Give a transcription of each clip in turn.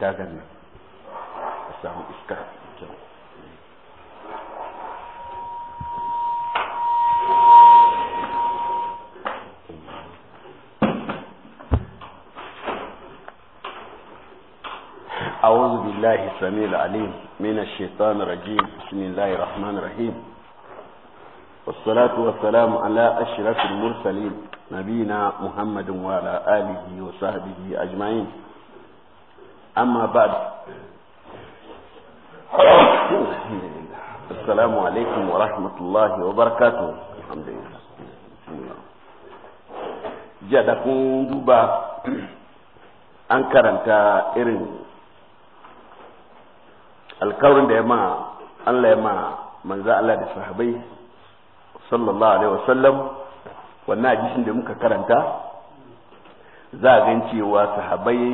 tagan nan a samu iska أعوذ بالله السميع العليم من الشيطان الرجيم بسم الله الرحمن الرحيم والصلاة والسلام على أشرف المرسلين نبينا محمد وعلى آله وصحبه أجمعين أما بعد السلام عليكم ورحمة الله وبركاته الحمد لله jiya da kun duba an karanta irin alkawarin da ya ma Allah ya ma manzo Allah da sahabai sallallahu alaihi wasallam wannan hadisin da muka karanta za a gan cewa sahabai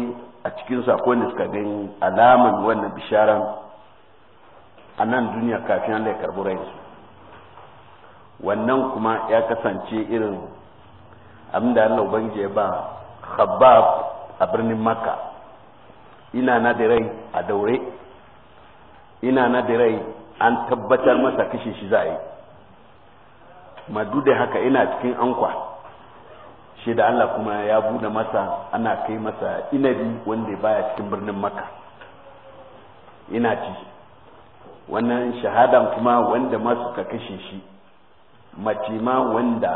a cikin sako da suka gani alaman wannan bisharan a nan duniya kafin Allah ya karbi rayinsu wannan kuma ya kasance irin abinda Allah ubangiji ya ba khabbab a birnin makka ina na da rai a daure ina na da rai an tabbatar masa kashe shi za a yi madu da haka ina cikin ankwa shi da Allah kuma ya bude masa ana kai masa inabi wanda baya cikin birnin maka ina ci wannan shahadan kuma wanda ma suka kashe shi mace ma wanda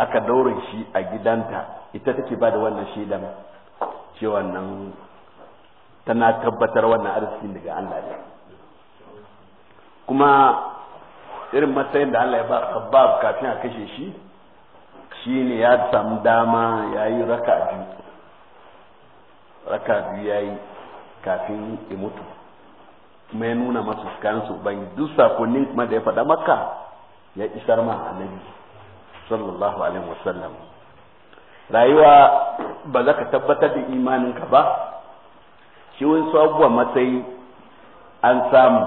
aka daure shi a gidanta ita take ba da wannan shaidan cewa nan tana tabbatar wannan arzikin daga Allah ne kuma irin matsayin da Allah ya ba kafin a kashe shi shine ya samu dama ya yi raka biyu raka biyu ya yi kafin ya mutu kuma ya nuna masu kansu ban duk sakonnin kuma da ya faɗa maka ya isar ma annabi sallallahu alaihi wasallam rayuwa ba za ka tabbatar da imaninka ba shi wani abubuwa matsayi an samu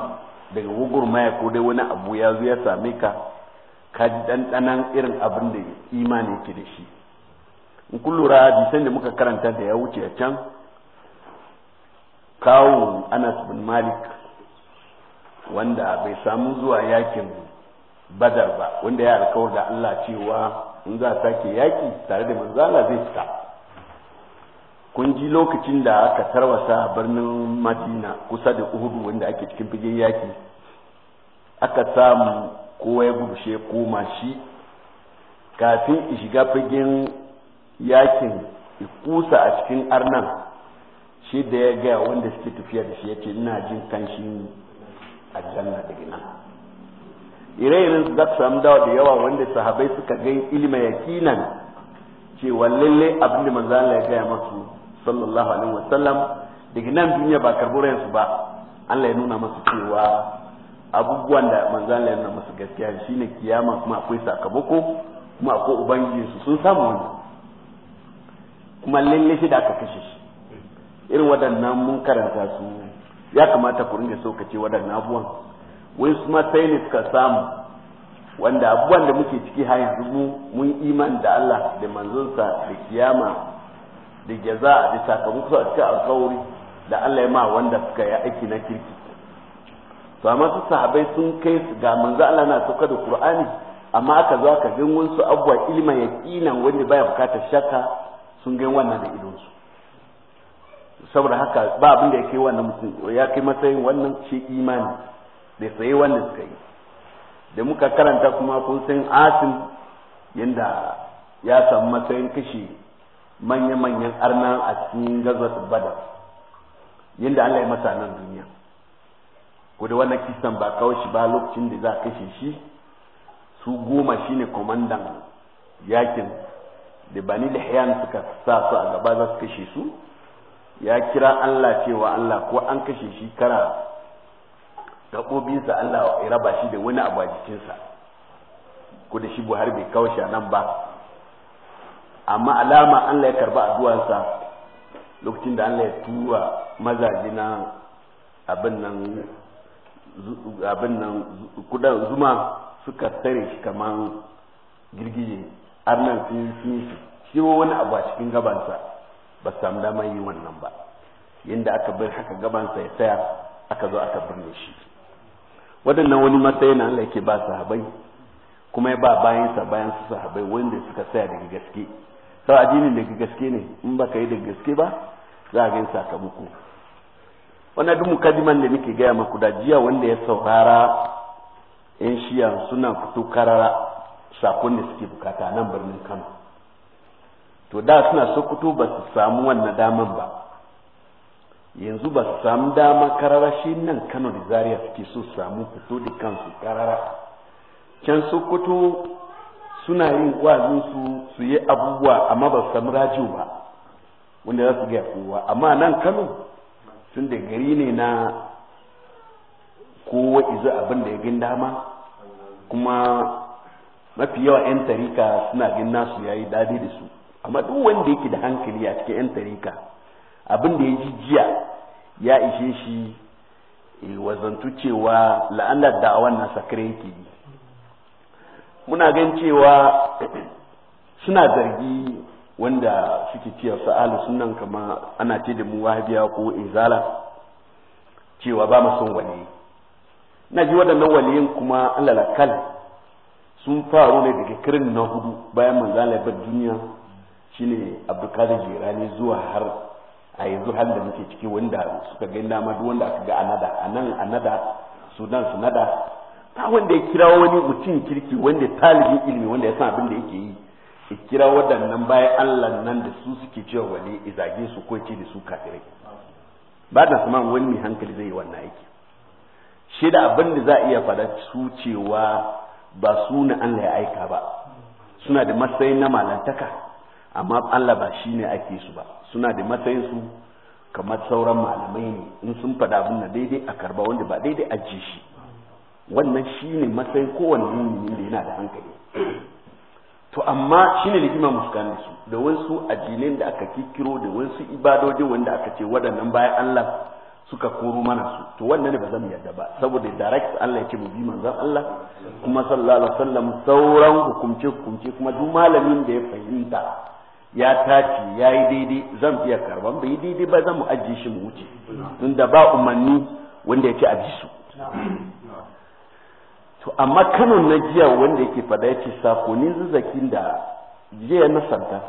daga gugurmaya ko dai wani abu ya zo ya same ka ka ji ɗanɗanan irin abin da imani yake da shi in kun lura hadisan da muka karanta da ya wuce a can kawun anas bin malik wanda bai samu zuwa yakin badar ba wanda ya alkawar da allah cewa in za a sake yaki tare da manzala zai fita kun ji lokacin da aka tarwasa a birnin madina kusa da uhudu wanda ake cikin figen yaki aka samu kowa ya gubushe koma shi kafin shiga fagen yakin kusa a cikin arnan shi da ya gaya wanda suke tafiya da shi ya ce ina jin kanshi aljanna daga nan ire-iren za su samu dawa da yawa wanda sahabai suka gai ilima yakinan cewa lalle abin da manzo ya gaya masu sallallahu alaihi wasallam daga nan duniya ba karbura yansu ba Allah ya nuna masu cewa abubuwan da manzan Allah na musu gaskiya shine kiyama kuma akwai sakamako kuma akwai ubangiji su sun samu wannan kuma lalle shi da aka kashe shi irin waɗannan mun karanta su ya kamata ku ringa sokace waɗannan abubuwan wai su ma sai ne suka samu wanda abubuwan da muke ciki har yanzu mu mun iman da Allah da manzonsa da kiyama da jaza da sakamako a cikin alƙawari da Allah ya ma wanda suka yi aiki na kirki to amma su sahabai sun kai su ga manzo Allah na sauka da Qur'ani amma aka zo aka gan wasu abuwa ilma yaqinan wanda baya bukatar shakka sun gan wannan da idon su saboda haka ba abin da ya wannan mutum ya kai matsayin wannan shi imani da sai wannan suka yi da muka karanta kuma kun san asim yanda ya samu matsayin kashe manya-manyan arna a cikin gazwat badar yadda Allah ya masa nan duniya ko da wannan kisan ba kawo shi ba lokacin da za a kashe shi su goma shine komandan yakin da bani da hayan suka sa su a gaba za su kashe su ya kira Allah cewa Allah ko an kashe shi kara gaɓoɓinsa Allah ya raba shi da wani abu a jikinsa ko da shi Buhari bai kawo shi nan ba amma alama Allah ya karba addu'arsa lokacin da Allah ya tura mazaje na abin nan abin nan kudan zuma suka tare shi kamar girgije har nan sun yi shi wani abu a cikin gabansa ba samu damar yi wannan ba yadda aka bar haka gabansa ya tsaya aka zo aka birne shi waɗannan wani matsayi na Allah yake ba sahabai kuma ya ba bayansa bayan su sahabai wanda suka tsaya daga gaske sau addinin daga gaske ne in ba ka yi daga gaske ba za a ga sakamako wannan duk mukaddiman da nake gaya maku da jiya wanda ya saurara yan shiya suna fito karara sakon da suke bukata nan birnin kano to da suna sokoto ba su samu wannan daman ba yanzu ba su samu dama karara shi nan kano da zaria suke so samu fito da kansu karara can sokoto suna yin wazin su su yi abubuwa amma ba su samu rajiyo ba wanda za su gaya kowa amma nan kano tun da gari ne na kowa izu abin da ya gin dama kuma mafi yawa 'yan tarika suna gin nasu ya yi da su amma duk wanda yake da hankali a cikin 'yan tarika abin da ya ji jiya ya ishe shi eh, wazantu cewa la'anar da'awan na sakare yake yi muna gan cewa suna zargi wanda suke cewa sa'alu sunan kama ana ce da mu wahabiya ko izala cewa ba mu son wali na ji waɗannan waliyin kuma an lalakal sun faru ne daga kirin na hudu bayan manzan bar duniya shine abdulkadir jirani zuwa har a yanzu har da muke ciki wanda suka ga dama duk wanda aka ga anada anan anada sudan sunada ta wanda ya kira wani mutum kirki wanda talibin ilimi wanda ya san abin da yake yi kira waɗannan bayan Allah nan da su suke cewa wani izage su ko ce da su kafirai ba da kuma wani mai hankali zai yi wannan aiki shi da abin da za a iya faɗa su cewa ba su na Allah ya aika ba suna da matsayin na malantaka amma Allah ba shi ne ake su ba suna da matsayin su kamar sauran malamai ne in sun faɗa abin da daidai a karba wanda ba daidai a ji shi wannan shi ne matsayin kowane yin da yana da hankali to amma shine rigima muskan da su da wasu addinin da aka kikiro da wasu ibadodi wanda aka ce waɗannan bayan Allah suka koro mana su to wannan ne ba zan yarda ba saboda direct Allah yake mu bi manzon Allah kuma sallallahu alaihi wasallam sauran hukumce hukumce kuma duk malamin da ya fahimta ya tace ya yi daidai zan iya karban bai daidai ba zan mu ajiye shi mu wuce tunda ba umanni wanda yake a su to amma kano na jiya wanda yake fada ya ce ni zazzakin da jiya na santa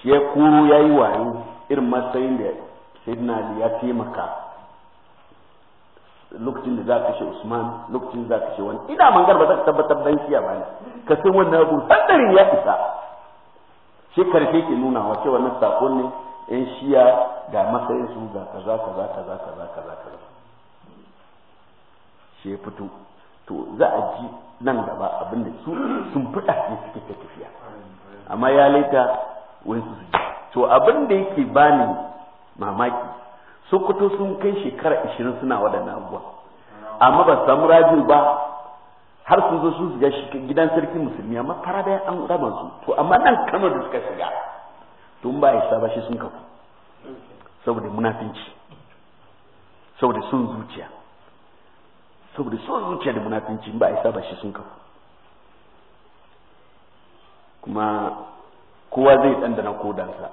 shi ya kuro ya yi wayo irin matsayin da sayyidina ali ya taimaka lokacin da za ka kashe usman lokacin da za ka kashe wani ina mangar ba zaka tabbatar dan jiya ba ne ka san wannan abu sandarin ya isa shi karfe ke nuna wa cewa na sakon ne yan shiya ga matsayin su ga kaza kaza kaza kaza kaza kaza shi ya fito to za a ji nan gaba abin da su sun fada ne suke ta tafiya amma ya laita wani su ji to abin da yake bani mamaki sokoto sun kai shekara ishirin suna waɗannan abubuwa amma ba samu rajiyo ba har sun zo sun shiga gidan sarki musulmi amma fara da an raba su to amma nan kamar da suka shiga to ba ya saba shi sun kafu saboda munafinci saboda sun zuciya saboda son zuciya da munafinci ba a saba shi sun kafu kuma kowa zai dandana kodansa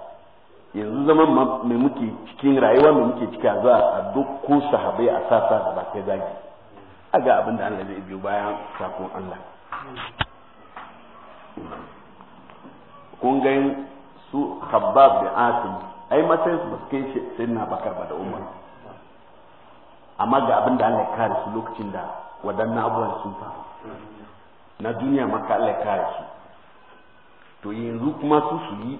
yanzu zama mai muke cikin rayuwa mai muke ciki a zuwa a duk ko sahabai a sasa da ba kai zagi a ga abin da Allah zai biyo bayan sakon Allah kun ga su Khabbab da Asim ai matsayin su ba kai sai na bakar ba da Umar amma ga abin da Allah ya kare su lokacin da waɗannan abubuwan sun faru na duniya maka Allah ya kare su to yanzu kuma su su yi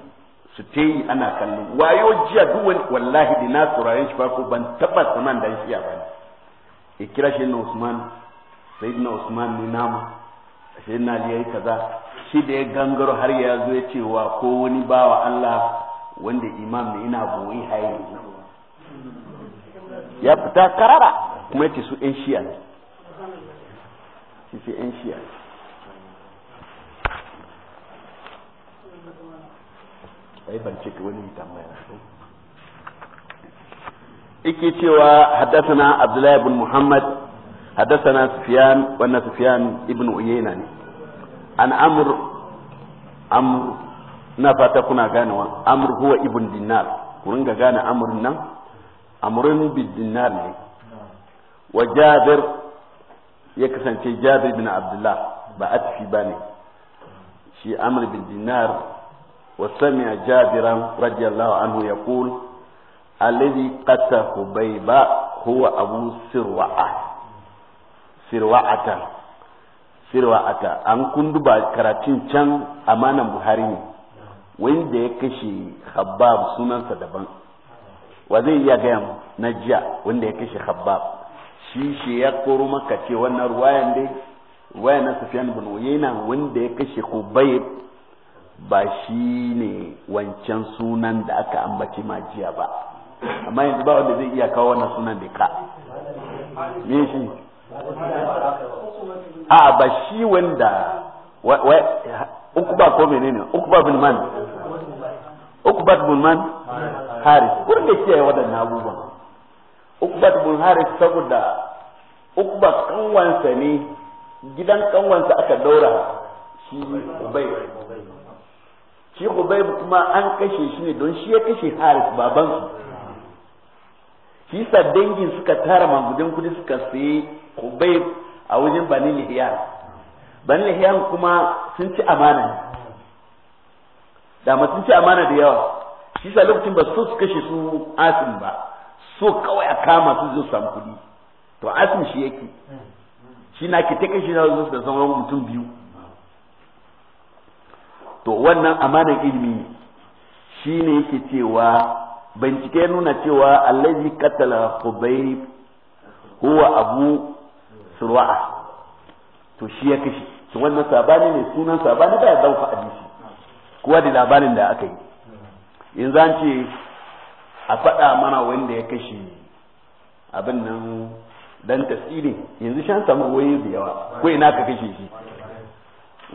su te ana kallon wayo jiya duk wani wallahi da na sauraren shi farko ban taba saman dan ya ba ne ya kira shi na Usman sayyidina Usman ne nama sai na liya kaza shi da ya gangaro har ya zo ya ce wa ko wani bawa Allah wanda imam ne ina boye haye ya fita karara kuma yace su ɗan shiya ne ce ɗan shiya ne ai ban ce wani tambaya ike cewa haddathana Abdullahi ibn Muhammad haddathana Sufyan wannan Sufyan ibn Uyayna ne an amur amur na fata kuna ganewa amur huwa ibn Dinar ku ringa gane amurin nan amrun bid dinar ne wa jabir ya kasance jabir bin abdullah ba atfi ba ne shi amr bin dinar wa sami'a jabiran radiyallahu anhu ya yaqul alladhi qata hubayba huwa abu sirwa'a sirwa'ata sirwa'ata an kundu ba karatun can amanan buhari ne wanda ya kashe habab sunansa daban wa zai iya gaya mu na jiya wanda ya kashe habab shi shi ya koro maka ce wannan ruwayan dai waya na sufyan bin uyayna wanda ya kashe khubayb ba shi ne wancan sunan da aka ambaci ma jiya ba amma yanzu ba wanda zai iya kawo wannan sunan da ka me shi a ba shi wanda uku ba ko menene uku ba bin man ukbat bin man haris kun da kiyaye da ukbat bin haris saboda ukbat kanwansa ne gidan kanwansa aka daura shi ubay shi ubay kuma an kashe shi ne don shi ya kashe haris babansu shi sa dangin suka tara mangudin kudi suka sayi ubay a wajen bani lihiyan bani lihiyan kuma sun ci amana da sun ci amana da yawa shi sa lokacin ba so su kashe su asim ba so kawai a kama su zo samu kuɗi to asim shi yake shi na ke kashe na zo da sauran mutum biyu to wannan amanar ilimi shi ne yake cewa bincike nuna cewa allazi katala hubayb huwa abu surwa to shi ya kashe to wannan sabani ne sunan sabani da ya dauka hadisi kuwa da labarin da aka yi yanzu an ce a faɗa mana wanda ya kashe abin nan dan tasiri yanzu shan samu wani da yawa ko ina aka kashe shi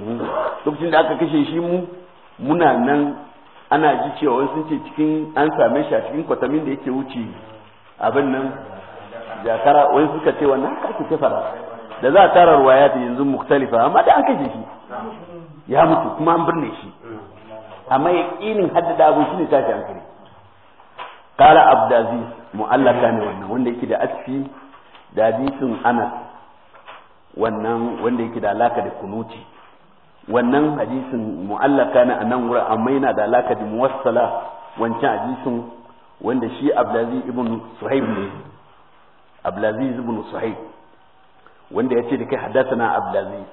mm. lokacin da aka kashe shi mu muna nan ana ji cewa sun ce cikin an same shi a cikin kwatamin da yake wuce abin nan jakara wani suka ce wannan haka ake kafara da za a tara ruwaya ta yanzu muktalifa amma da an kashe shi ya mutu kuma an birne shi amma yaqinin haddada abu shine tashi hankali qala abdaziz mu'allaka ne wannan wanda yake da asfi da hadisin anas wannan wanda yake da alaka da kunuti wannan hadisin mu'allaka ne a nan wurin amma yana da alaka da muwassala wancan hadisin wanda shi abdaziz ibn suhaib ne abdaziz ibn suhaib wanda ya ce da kai haddasa na abdulaziz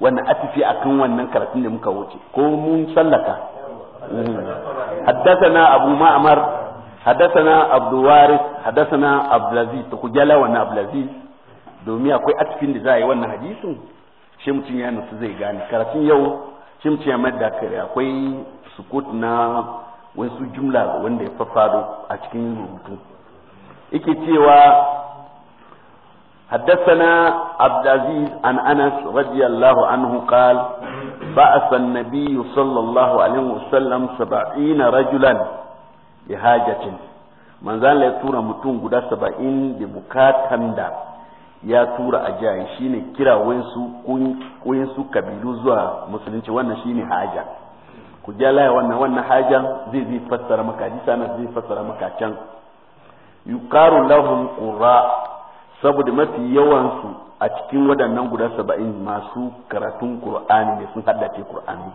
wannan atifi akan wannan karatun da muka wuce ko mun sallaka حدثنا أبو معمر حدثنا عبد الوارث حدثنا عبد العزيز تكجلا وانا عبد العزيز domin akwai atfin da za a yi wannan hadisi shi mutum ya nufi zai gane karatun yau shi mutum ya madda kare akwai sukut na wasu jumla wanda ya faffado a cikin rubutu yake cewa حدثنا عبد العزيز عن انس رضي الله عنه قال بعث النبي صلى الله عليه وسلم سبعين رجلا بحاجة من ذا لا تورا متون غدا سبعين ya tura a jiya shine kira wayansu wayansu kabilu zuwa musulunci wannan shine haja ku ja laya wannan wannan zai zai fassara maka hadisa zai fassara maka can saboda mafi yawansu a cikin waɗannan guda saba'in masu karatun Kur'ani ne sun haddace Kur'ani.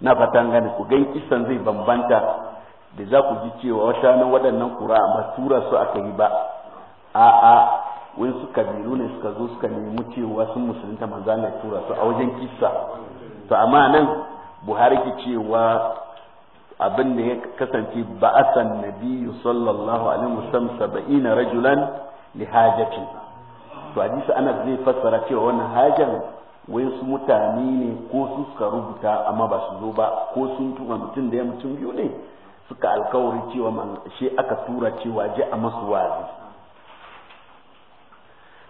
Na fatan gane ku gan kisan zai bambanta da za ku ji cewa wata nan waɗannan Kur'a ba tura su aka yi ba. A'a wani su kabilu ne suka zo suka nemi cewa sun musulunta manzo Allah tura su a wajen kisa. To amma nan Buhari ke cewa abin da ya kasance ba'asan nabi sallallahu alaihi wasallam saba'ina rajulan li hajatin to hadisi ana zai fassara cewa wannan wai su mutane ne ko su suka rubuta amma ba su zo ba ko sun tuma mutum da ya mutum biyu ne suka alkawari cewa shi aka tura cewa je a masu wazi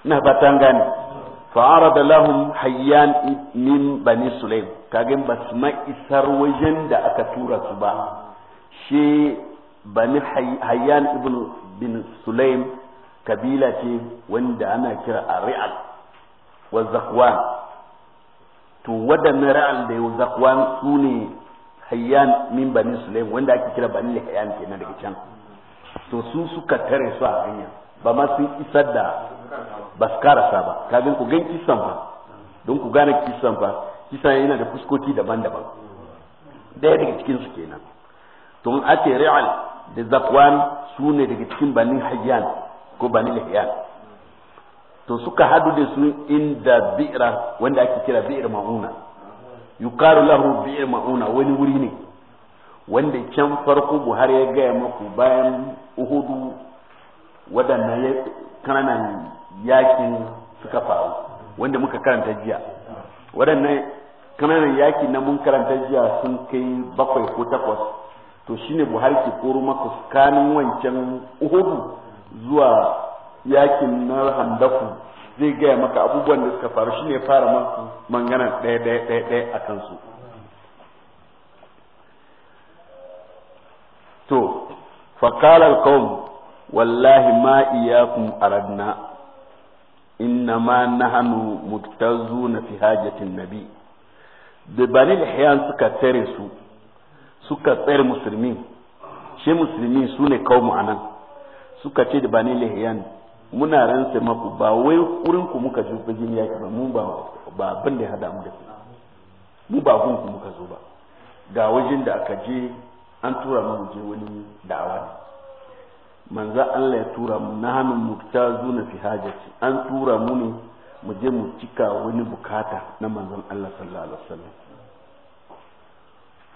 na fatan gane fa'arada lahum hayyan min bani sulaim kage ba su ma isar wajen da aka tura su ba shi bani hayyan ibn bin sulaim kabila ce wanda ana kira a ri'al wa zakwan to waɗannan ra'al da yau zakwan su ne hayyan min bani sulaim wanda ake kira bani hayyan kenan daga can to su suka tare su a hanya ba ma sun isar da ba su karasa ba kafin ku gan kisan ba don ku gane kisan ba kisan yana da fuskoki daban-daban daya daga cikin su kenan to ake ri'al da zakwan su ne daga cikin banin hayyan ko bani lihyan to suka hadu da su inda bi'ra wanda ake kira bi'ir ma'una yukaru lahu bi'ir ma'una wani wuri ne wanda can farko buhari ya gaya maku bayan uhudu ya kananan yakin suka faru wanda muka karanta jiya waɗannan kananan yaki na mun karanta jiya sun kai bakwai ko takwas to shine buhari ke koro maka tsakanin wancan uhudu zuwa yakin na handaku zai gaya maka abubuwan da suka faru shine fara masu mangana ɗaya ɗaya ɗaya a kansu to فقال القوم والله inna ma na hannu mutazu na fi hajjatin nabi da bani lihiyan suka tsare su suka tsere musulmi shi musulmi su ne a nan. suka ce da bani lihiyan. muna ransa maku ba wai wurin ku muka ji jin yaki ba mun ba ban da ya hada mu da ku mu ba gun ku muka zo ba ga wajen da aka je an tura mu je wani da'awa ne manzo Allah ya tura mu na hannun muktazuna fi hajati an tura mu ne mu je mu cika wani bukata na manzon Allah sallallahu alaihi wasallam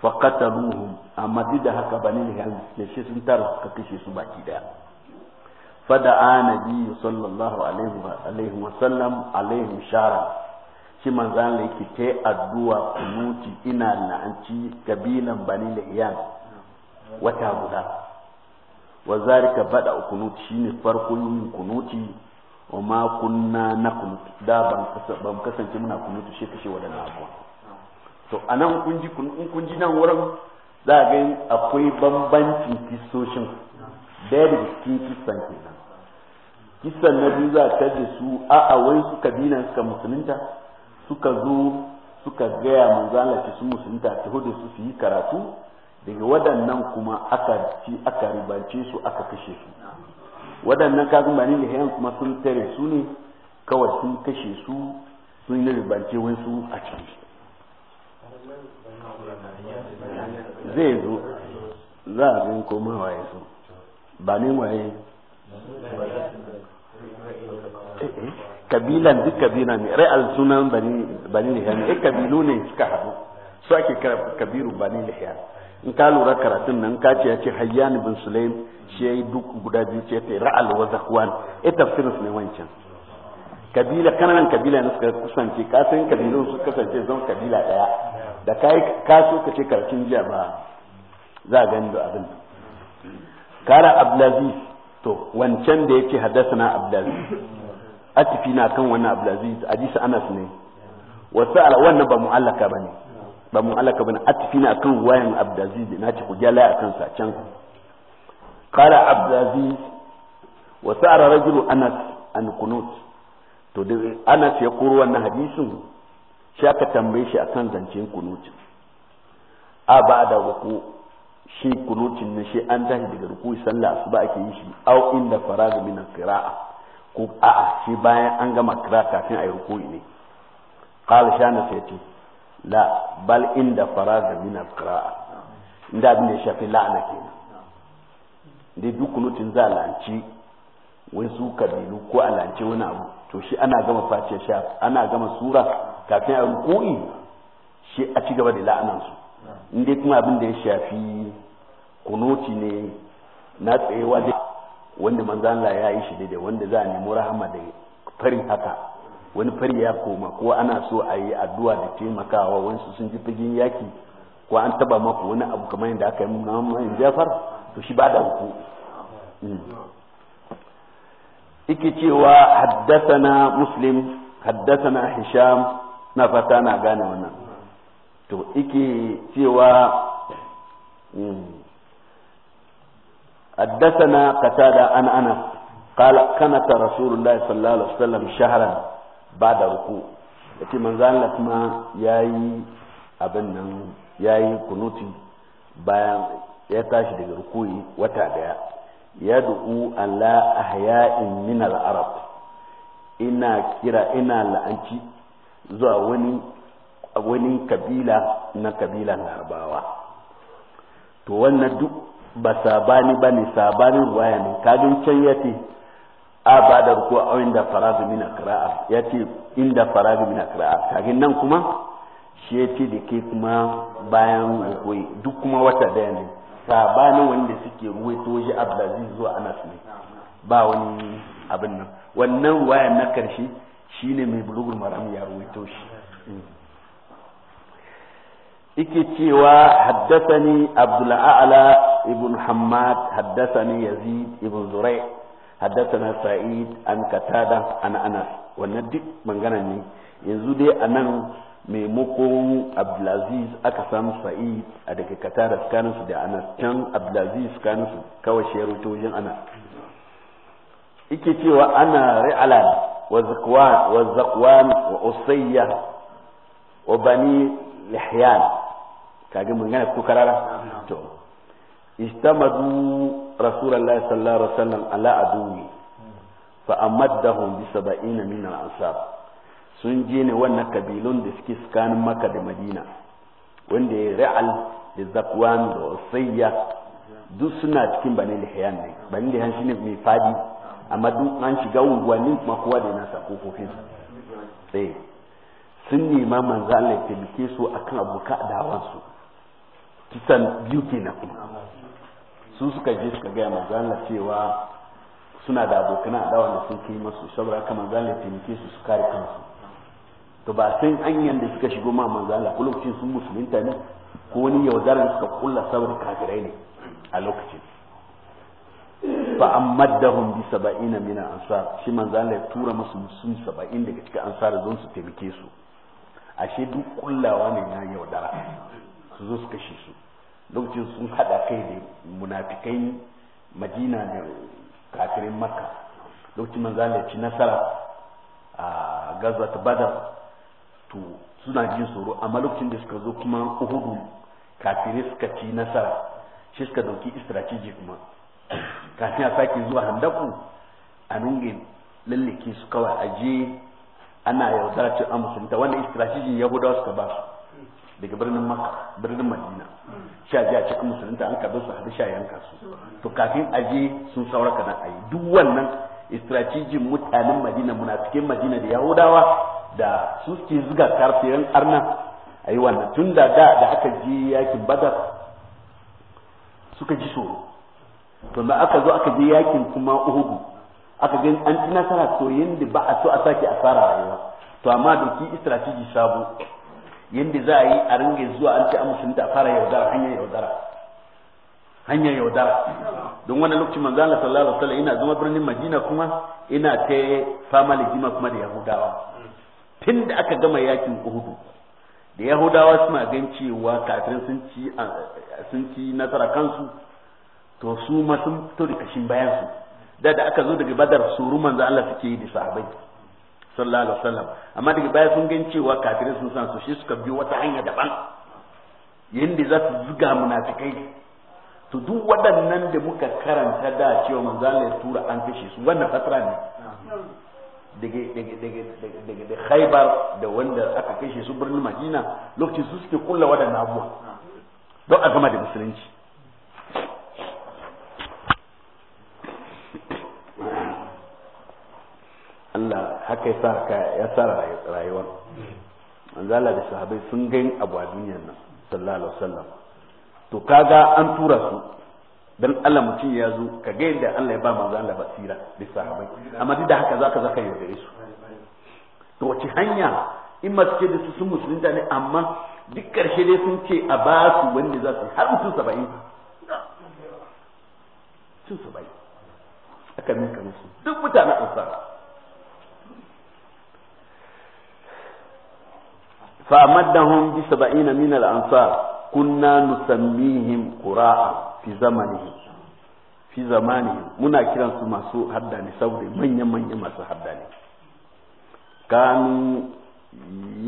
faqataluhum amma da haka bani ne ya shi sun tara suka kashe su baki daya fada'a nabiyyu sallallahu alaihi wa sallam alaihim shara shi manzan da yake ta addu'a kunuti ina la'anci kabilan bani da iyan wata guda wa zalika bada kunuti shine farko yin kunuti wa ma kunna na kunuti da ban kasance muna kunuti shi kashe wadannan abuwa to anan kun ji in kun ji nan wurin za ga akwai bambancin kistoshin daya da cikin kistan kenan kisan na biyu za ta da su a a wai su kabila suka musulunta suka zo suka gaya manzo Allah su musulunta ta hudu su su yi karatu daga waɗannan kuma aka ci aka ribance su aka kashe su waɗannan kafin bani da hayan kuma sun tare su ne kawai sun kashe su sun yi ribance su a ciki zai zo za a komawa ya zo ba ne waye kabilan duk kabila ne rai al sunan bani bani lihiya ne kabilu ne suka haɗu su ake kira kabiru bani lihiya in ka lura karatun nan ka ce ya ce hayyan bin sulaim shi yayi duk guda biyu ce ta ra'al wa zakwan e tafsirin ne wancan kabila kananan kabila ne suka kusance ka san kabilu su kasance zan kabila daya da kai ka so ka ce karatun jiya ba za a gani da abin kara abdulaziz to wancan da yake haddasa abdulaziz tafi na kan wannan abdulaziz hadisi anas ne wasu wannan ba mu'allaka ba ne, ba mu'allaka ba a tafi na kan wayan abdulaziz na ci ku jala a kansa can qala abdulaziz wa sa'ara rajulu anas an kunut to da anas ya koro wannan hadisin shi aka tambaye shi akan zancen kunut a ba da wuku shi kunutin ne shi an tashi daga ruku sallah asuba ake yi shi au inda faraga min qira'a ko a'a shi bayan an gama qira'a kafin ayi ruku ne qala shana sayati la bal inda faraga min qira'a inda abin da shafi la'ana kenan da duk kunutin za lanci wai su kabilu ko a lance wani abu to shi ana gama face sha ana gama sura kafin a rukuyi shi a ci gaba da la'anansu in dai kuma abin da ya shafi kunoti ne na tsayewa da wanda manzan Allah ya yi shi daidai wanda za a nemi rahama da farin haka wani fari ya koma ko ana so a yi addu'a da taimakawa wasu sun ji fagen yaki ko an taba maku wani abu kamar yadda aka yi mun jafar to shi ba da hukun ike mm. cewa haddasa muslim na hisham na fata na gane wannan to ike cewa mm, حدثنا na katada أنس قال كانت رسول الله صلى الله عليه وسلم شهرا بعد ركوع yace manzan Allah kuma yayi abin nan yayi kunuti bayan ya tashi daga rukuyi wata daya ya du'u ala ahya'in min al-arab ina kira ina la'anci zuwa wani wani kabila na kabilan larabawa to wannan duk ba sabani ba ne sabanin ruwaya ne kagin can ya ce a ba da ruku a inda farazu mina kira'a ya ce inda farazu mina kira'a nan kuma shi ya ce da ke kuma bayan rukuyi duk kuma wata daya ne sabanin wanda suke to shi abdulaziz zuwa anas ne ba wani abin nan wannan ruwaya na karshe shi shine mai bulugul maram ya to shi mm. yake cewa haddasani abdul ibn hammad haddasani yazid ibn zurai haddasana sa'id an katada an anas wannan duk mangana ne yanzu dai a anan maimakon abdulaziz aka samu sa'id a daga katada tsakaninsu da anas can abdulaziz tsakaninsu kawai shi ya wajen anas yake cewa ana ri'alan wa zakwan wa usayya wa bani lihyan kage mun gane ko karara to istamadu rasulullahi sallallahu alaihi wasallam ala aduwi fa amaddahum bi sab'ina min al-ansar sun je ne wannan kabilun da suke tsakanin Makka da Madina wanda ya ra'al da zakwan da usayya duk suna cikin bani lihyan ne bani lihyan shine mai fadi amma duk an shiga unguwanni kuma kowa da nasa kokofin sai sun nema manzo Allah ya taimake su akan abuka dawan su kisan biyu kenan su suka je suka gaya manzo Allah cewa suna da abokan adawa da sun kai masu saboda haka manzo Allah ya taimake su su kare kansu to ba sai anyan da suka shigo ma manzo Allah ko lokacin sun musulunta ne ko wani da suka kulla saboda kafirai ne a lokacin fa ammaddahum bi saba'ina min ansar shi manzo Allah ya tura musu musulmi saba'in daga cikin ansar don su taimake su ashe duk kullawa ne na yaudara su zo su kashe su lokacin sun hada kai da munafikai madina da kafirin makka lokacin manzalaci nasara a ta badar to suna jin tsoro amma lokacin da suka zo kuma uhudu kafirai suka ci nasara shi suka dauki strategy kuma kafin a sake zuwa handaku a nungin lallake su kawai aje ana yaudara ce an musulunta wannan strategy yahudawa suka ba su daga birnin makka birnin madina sha ji a cikin musulunta an karbi su hadu sha yanka su to kafin aje sun sauraka nan ayi duk wannan strategy mutanen madina munafikin madina da yahudawa da su suke zuga karfiyan arna ayi wannan tun da da da aka je yakin badar suka ji tsoro to da aka zo aka je yakin kuma uhudu aka gani an ci nasara to yadda ba a so a sake fara rayuwa to amma doki strategy sabo yadda za a yi a ringa zuwa an ci a da a fara yaudara hanyar yaudara hanyar yaudara don wani lokaci manzo Allah sallallahu alaihi wasallam ina zama birnin Madina kuma ina ta fama da lijima kuma da Yahudawa tun da aka gama yakin Uhudu da Yahudawa suna gan cewa kafirin sun ci sun ci nasara kansu to su ma sun fito da kashin bayansu su da da aka zo daga badar suru manzo Allah suke yi da sahabbai sallallahu alaihi wasallam amma daga baya sun gan cewa kafirai sun san su shi suka biyo wata hanya daban yanda za su zuga munafikai to duk waɗannan da muka karanta da cewa manzo Allah ya tura an kashe su wannan fatara ne daga haibar da wanda aka kashe su birnin madina lokacin su suke kullawa waɗannan nabuwa don a gama da musulunci Allah haka ya sa ya sa rayuwar manzo Allah da sahabbai sun gani abu a duniyar nan sallallahu alaihi wasallam to kaga an tura su dan Allah mutum ya zo ka ga yadda Allah ya ba manzo Allah basira da sahabbai amma duk da haka zaka zaka da su to wace hanya in ma suke da su sun musulunta ne amma duk karshe dai sun ce a ba su wanda za su har mutum saba'in sun saba'in aka minka musu duk mutanen ansara فأمدهم بسبعين من الأنصار كنا نسميهم قراء في زمنهم fi zamani muna kiransu masu hadda ne saboda manyan manyan masu hadda kanu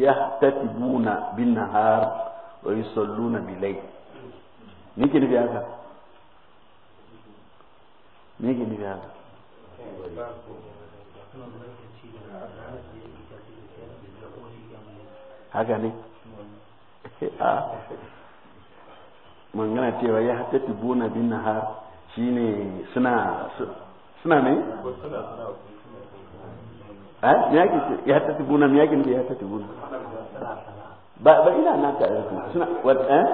ya tatibuna bin nahar wa yusalluna bilai nake haka ne a mangana cewa ya bin suna suna ne a yaki ya ya ba ba ina na suna wat eh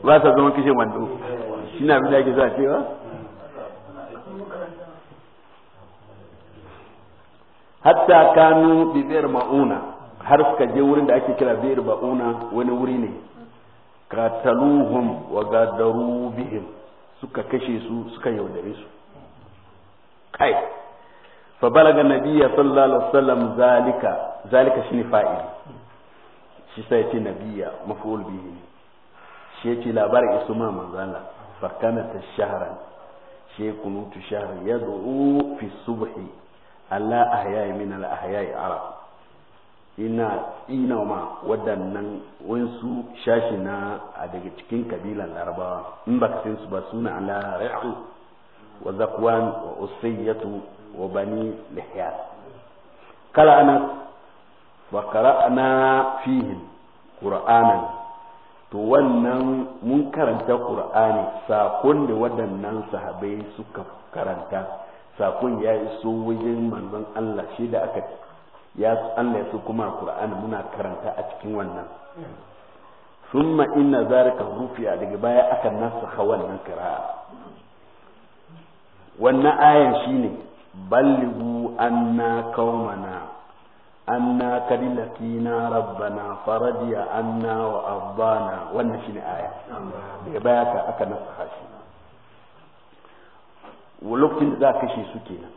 ba sa zama kishin wando shi abin da ake zuwa cewa hatta kanu biyar ma'una har suka je wurin da ake kira biyar ma'una wani wuri ne kataluhum wa gadaru bihim suka kashe su suka yaudare su kai fa balaga nabiyya sallallahu alaihi wasallam zalika zalika shine fa'il shi sai ce nabiyya maf'ul bihi shi ce labarin isu ma manzala فكانت الشهر شيء قنوت شهر يدعو في الصبح على أحياء من الأحياء العرب ina ina ma wadannan wansu shashi na a daga cikin kabilan larabawa in ba ba suna ala ra'u wa zakwan wa wa bani lihyas kala ana wa qara'na fihim to wannan mun karanta qur'ani sakon da waɗannan sahabai suka karanta sakon ya iso wajen manzon Allah shi da aka ya Allah ya so kuma qur'ani muna karanta a cikin wannan summa inna zalika rufiya daga baya aka nasaha wannan qira'a wannan ayan shine ballighu anna qaumana anna kadilatina rabbana faradiya anna wa abana wannan shine aya daga baya ka aka nasaha shi lokacin da za a kashe su kenan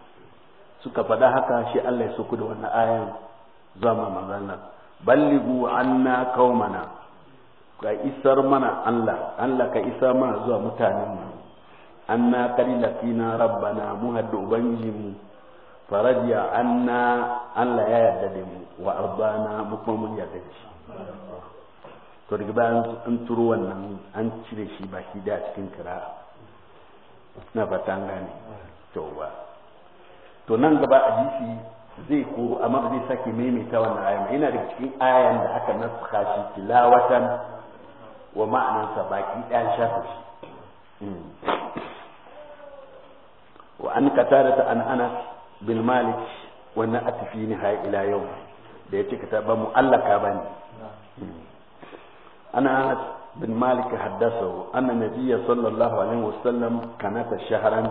suka faɗa haka shi Allah ya soku da wannan ayan zama manzan balligu anna qaumana ka isar mana Allah Allah ka isa mana zuwa mutanen mu anna kadilatina rabbana mu haddu ubangijinmu mu faradiya anna Allah ya yarda da mu wa arbana mu kuma mun yarda da shi to daga bayan an turo wannan an cire shi ba shi da cikin kira na fata gane to ba to nan gaba a jisi zai ko amma ba zai sake maimaita wannan ayan ina da cikin ayan da aka nasaka shi tilawatan wa ma'anansa baki ɗaya shafi shi hmm. wa an katarata an anas bin malik wannan atafi ni ha ila yau da ya ce ka taba mu'allaka ba ne ana bin malik haddasa anna nabiyya sallallahu alaihi wasallam kanata shaharan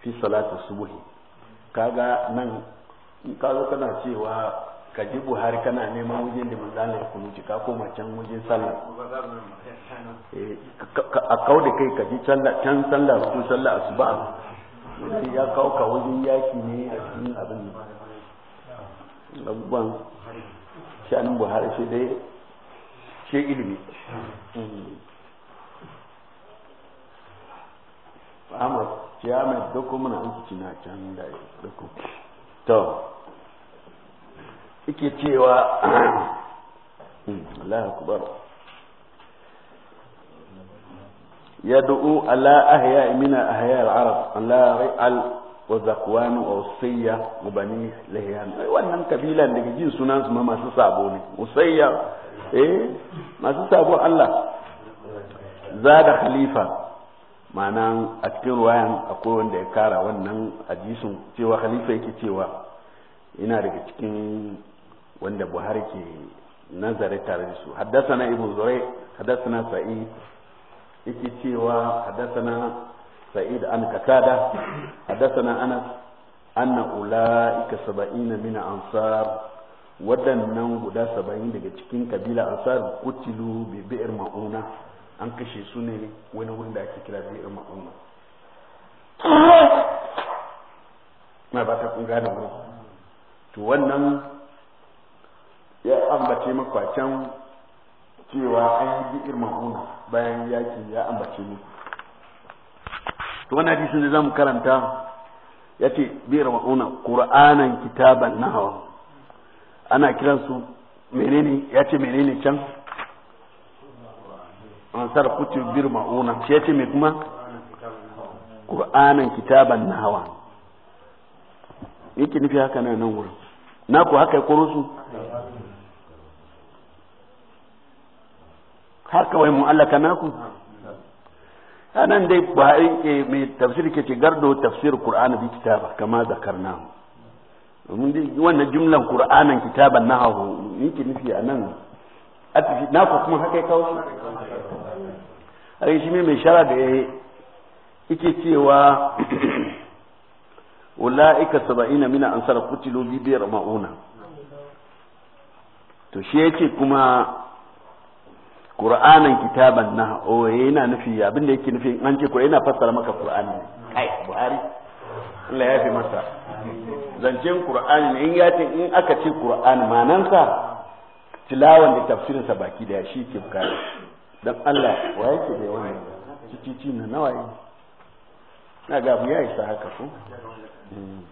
fi salati subhi kaga nan in ka zo kana cewa ka ji buhari kana neman wajen da manzo Allah ya kunuci ka koma can wajen sallah eh, a kau da kai ka ji can sallah su sallah asuba wanda ya kawo ka wajen yaki ne a cikin abin abubuwan shanin buhari shi dai shi ilimi Ahmad ya mai dako mana an kici na can da ya dako to ike cewa Allah akbar يدعو على أحياء من أحياء العرب على رئال وزكوان وصية وبني لهيان wannan kabilan daga jin sunan su ma masu sabo ne usayya eh masu sabo Allah zada khalifa ma'ana a cikin ruwayan akwai wanda ya kara wannan hadisin cewa khalifa yake cewa ina daga cikin wanda Buhari ke nazare tare da su haddasa na ibn haddasa na Sa'id yake cewa hadathana sa'id an katada hadathana anas anna ulaika saba'ina min ansar waɗannan guda saba'in daga cikin kabila ansar kutilu bi bi'ir ma'una an kashe su ne wani wanda ake kira bi'ir ma'una na ba ta kun gane to wannan ya ambace makwacen cewa an yi bi'ir mahuna bayan yaki ya ambace mu to wannan hadisin da zamu karanta yace bi'ir mahuna qur'anan kitaban nahwa ana su menene yace menene can an sar kutu bi'ir mahuna shi yace me kuma qur'anan kitaban nahwa yake nufi haka nan nan wurin na ku haka ya koro su har kawai mu allaka naku anan dai buhari ke mai tafsir ke ce gardo tafsir qur'ani bi kitaba kama zakarna dai wannan jumlan qur'anan kitaban nahu yake nufi anan atifi naku kuma haka ya kawo shi shi mai shara da yayi yake cewa ula'ika saba'ina mina ansar kutilu bi ma'una to shi yace kuma Qur'anan kitaban na o yana nufi abin da yake nufi an ce yana fassara maka Qur'ani kai Buhari Allah ya fi masa zancen Qur'ani ne in ya ce in aka ce Qur'an manansa tilawan da tafsirin sa baki da shi ke bukata dan Allah wa yake da wannan cici na nawaye na ga ya isa haka ko hmm.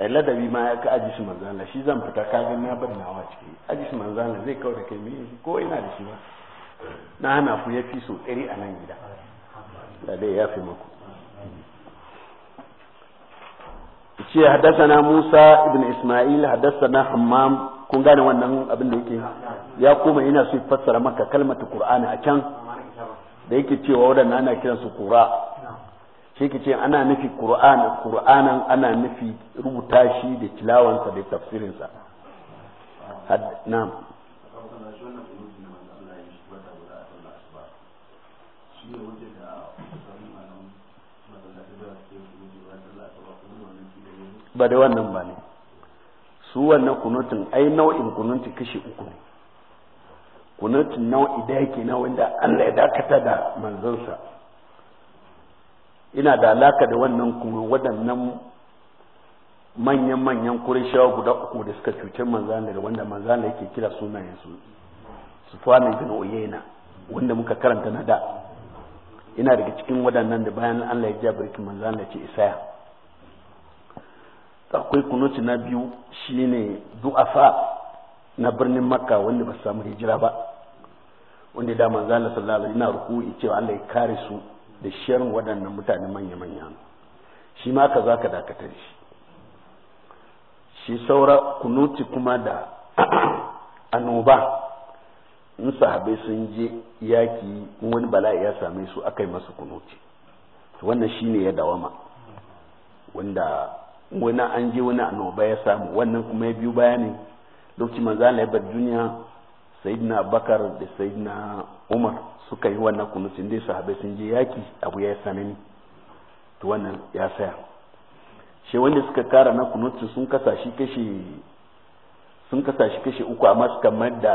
Eh, ladabi ma ya ka aji shi shi zan fita ka ga na bar nawa ciki aji shi zai kawo da kai mi ko ina da shi ba na hana ku yafi so tsiri a nan gida da dai ya fi muku ce na Musa ibn Isma'il na Hammam kun gane wannan abin da yake ya koma ina so fassara maka kalmatu Qur'ani a can da yake cewa wadannan ana kiransu Qur'a shi ke ce ana nufi qur'ana qur'anan ana nufi rubuta shi da tilawansa da tafsirinsa na'am ba da wannan ba ne su wannan kunutun ai nau'in kunuti kashi uku ne kunutun nau'i da yake na wanda Allah ya dakata da manzansa ina da alaka da wannan kuma waɗannan manyan-manyan kurishawa guda uku da suka cutar da wanda manzana yake kira sunayen su sufani bin uyena wanda muka karanta na da ina daga cikin waɗannan da bayan Allah ya jabar birkin manzana ce isaya akwai kunuci na biyu shine du'afa na birnin makka wanda ba su samu hijira ba wanda da manzana sallallahu alaihi wasallam ina ruku'i cewa Allah ya kare su da shirin waɗannan mutane manya-manya shi ma ka za ka dakatar shi shi saura kunuti kuma da annoba in sahabai sun je yaki wani bala'i ya same su aka yi masu kunuti wannan shi ne ya dawama wanda wani an je wani annoba ya samu wannan kuma ya biyu bayani lokacin manzana ya bar duniya sayyidina bakar da sayyidina umar suka yi wannan kunutin dai sahabai sun je yaki abu ya sanani to wannan ya saya shi wanda suka kara na kunutin sun kasa shi kashe uku amma suka mayar da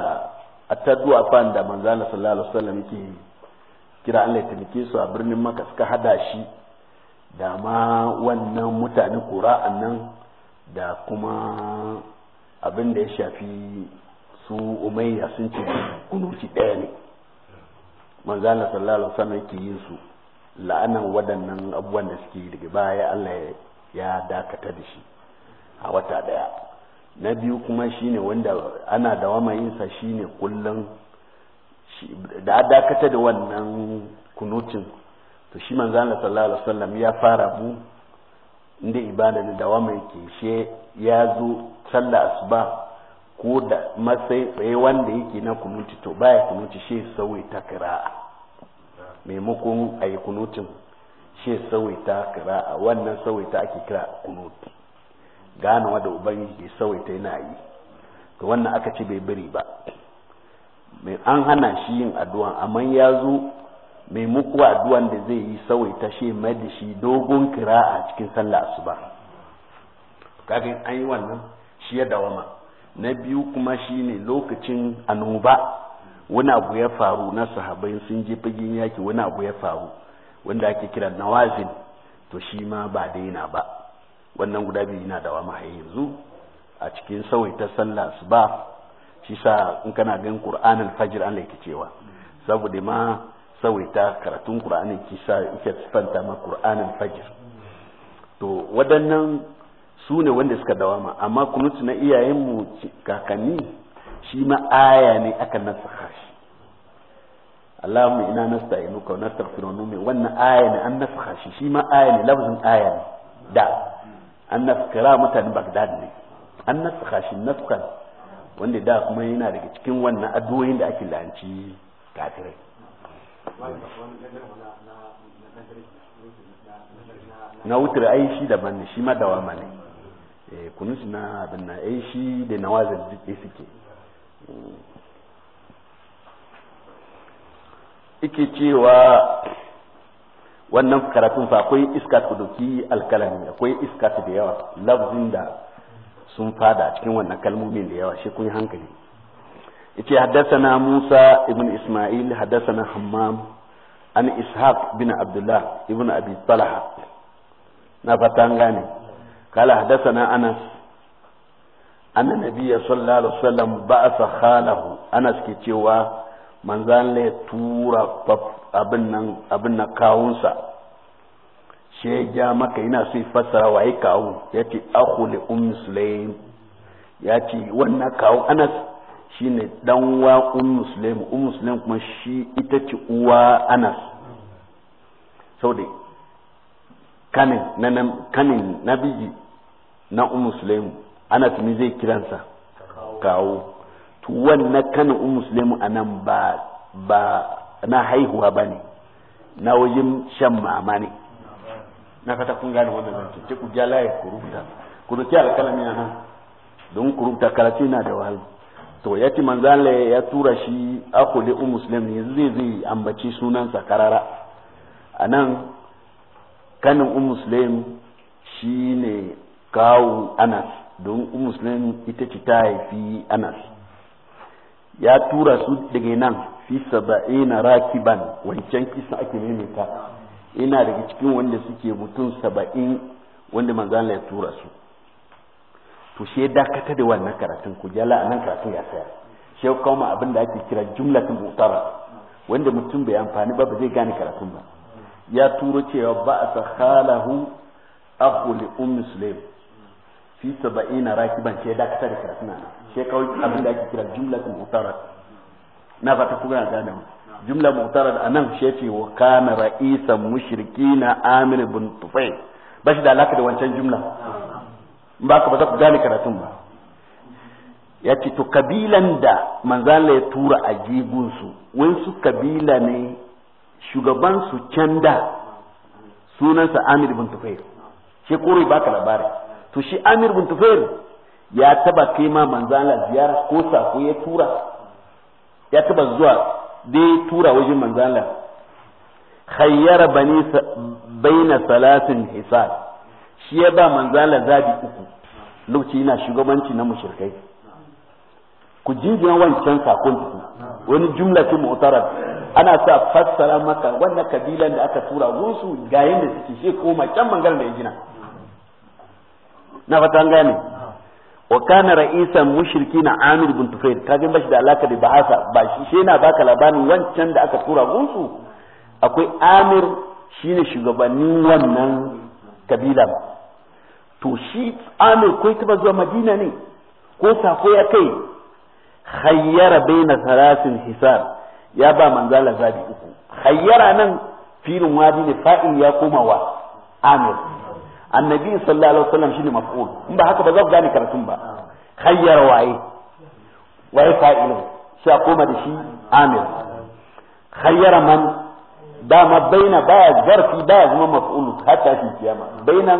a fan da manzana sallallahu alaihi wasallam yake kira Allah ya taimake su a birnin maka suka hada shi da ma wannan mutane kura nan da kuma abin da ya shafi su umayya sun ce kunuci ɗaya ne manzala sallallahu alaihi wasallam yake yin su la'anan waɗannan abubuwan da suke daga baya Allah ya dakata da shi a wata daya na biyu kuma shine wanda ana dawama yin sa shine kullun da dakata da wannan kunucin to shi manzala sallallahu alaihi wasallam ya fara mu inda ibada da dawama yake she ya zo sallah asuba ko da matsayi tsaye wanda yake na kunuti to baya kunuti shi sauyi ta kira'a maimakon a yi kunutin shi sauyi ta kira'a wannan sauyi ta ake kira kunuti ganawa da ubangiji sauyi ta yana yi to wannan aka ce bai biri ba mai an hana shi yin addu'a amma ya zo mai muku addu'an da zai yi sauyi ta shi mai da shi dogon kira'a cikin sallah asuba kafin an yi wannan shi ya dawama na biyu kuma shine lokacin annoba wani abu ya faru na sahabai sun je fagen yaki wani abu ya faru wanda ake kira nawazin to shi ma ba daina ba wannan guda biyu yana da wama yanzu a cikin sawaita sallah asuba shi sa in kana gan qur'an al-fajr Allah cewa saboda ma sawaita karatun qur'anin kisa yake sifanta ma qur'an al-fajr to waɗannan su ne wanda suka dawama amma kunutu na iyayenmu kakanni shi ma aya ne aka nasaha shi Allahumma ina nasta'inuka wa nastaghfiruka wa nu'minu wannan aya ne an nasaha shi shi ma aya ne lafzin aya ne da an naskara mutanen Baghdad ne an nasaha shi naskan wanda da kuma yana daga cikin wannan addu'o'in da ake lanci kafirai na wutar ai shi daban ne shi ma dawama ne Eh, kunus na abin na eh, shi da duk suke ike cewa wannan karatun fa akwai iska ku doki alkalami akwai iska da yawa lafzin da sun fada cikin wannan kalmomin da yawa shi kun hankali yace haddasana Musa ibn Isma'il haddathana Hammam an Ishaq bin Abdullah ibn Abi Talha na fatan gane قال حدثنا انس ان النبي صلى الله عليه وسلم بعث خاله انس كي تشوا من زال لي تورا ابن كاونسا شي جاء مكة هنا سي فسر واي كاو ياتي اخو لام سليم ياتي ونا كاو انس shine dan wa um muslim um muslim kuma shi ita ce uwa anas saboda kanin na kanin nabiji na ummu sulaimu ana tuni zai kiransa kawo to wannan kanin ummu sulaimu anan ba ba na haihuwa ba ne na wajen shan mama ne na fata kun gane wannan zance ce ku jalaye laye ku rubuta ku doki alƙalami na nan don ku rubuta karace na da wahala to ya ci manzala ya tura shi akuli um muslim yanzu zai zai ambaci sunansa karara a nan kanin um sulaimu shi ne kawo anas don musulun ita ce ta haifi anas ya tura su daga nan fi saba'ina rakiban wancan kisa ake maimaita ina daga cikin wanda suke mutum saba'in wanda manzana ya tura su to she dakata da wannan karatun ku jala a nan karatun ya saya she kuma abin da ake kira jumlatin mutara wanda mutum bai amfani ba ba zai gane karatun ba ya turo cewa ba a sakhalahu akhu li ummi sulaim fi saba'ina rakiban ce da kasar da suna na shi kawai abin da ake kira jumla ta mutara na fata ku na gane mu jumla mutara a nan shi ce wa kana ra'isan mushrikina amir bin tufay ba shi da alaka da wancan jumla ba ka ba za ku gane karatun ba ya ce to kabilan da manzala ya tura a jigun su kabila ne shugabansu can da sunansa amir bin tufay shi ba ka labarin to shi amir bin tufair ya taba kai ma manzan Allah ziyara ko sako ya tura ya taba zuwa dai tura wajen manzan Allah khayyara bani baina salatin hisab shi ya ba manzan Allah zabi uku lokaci ina shugabanci na mushrikai ku jinjina wancan sakon ku wani jumla ce mu'tarar ana sa fassara maka wannan kabilan da aka tura gunsu ga yanda suke shi ma can mangal da ya gina na fata an gane wa kana ra'isan mushriki na amir bin ka ga bashi da alaka da bahasa ba shi shi na baka labarin wancan da aka tura gunsu akwai amir shine shugabannin wannan kabila ba to shi amir ko ta zuwa madina ne ko sako ya kai khayyara baina thalathin hisar ya ba manzala zabi uku khayyara nan filin wadi ne fa'il ya koma wa amir annabi sallallahu alaihi wasallam shine maf'ul in ba haka ba za ku gane karatun ba khayyar waye waye fa'ilin sai kuma koma da shi amir khayyar man dama baina baya zarfi baya zama maf'ul hatta fi kiyama baina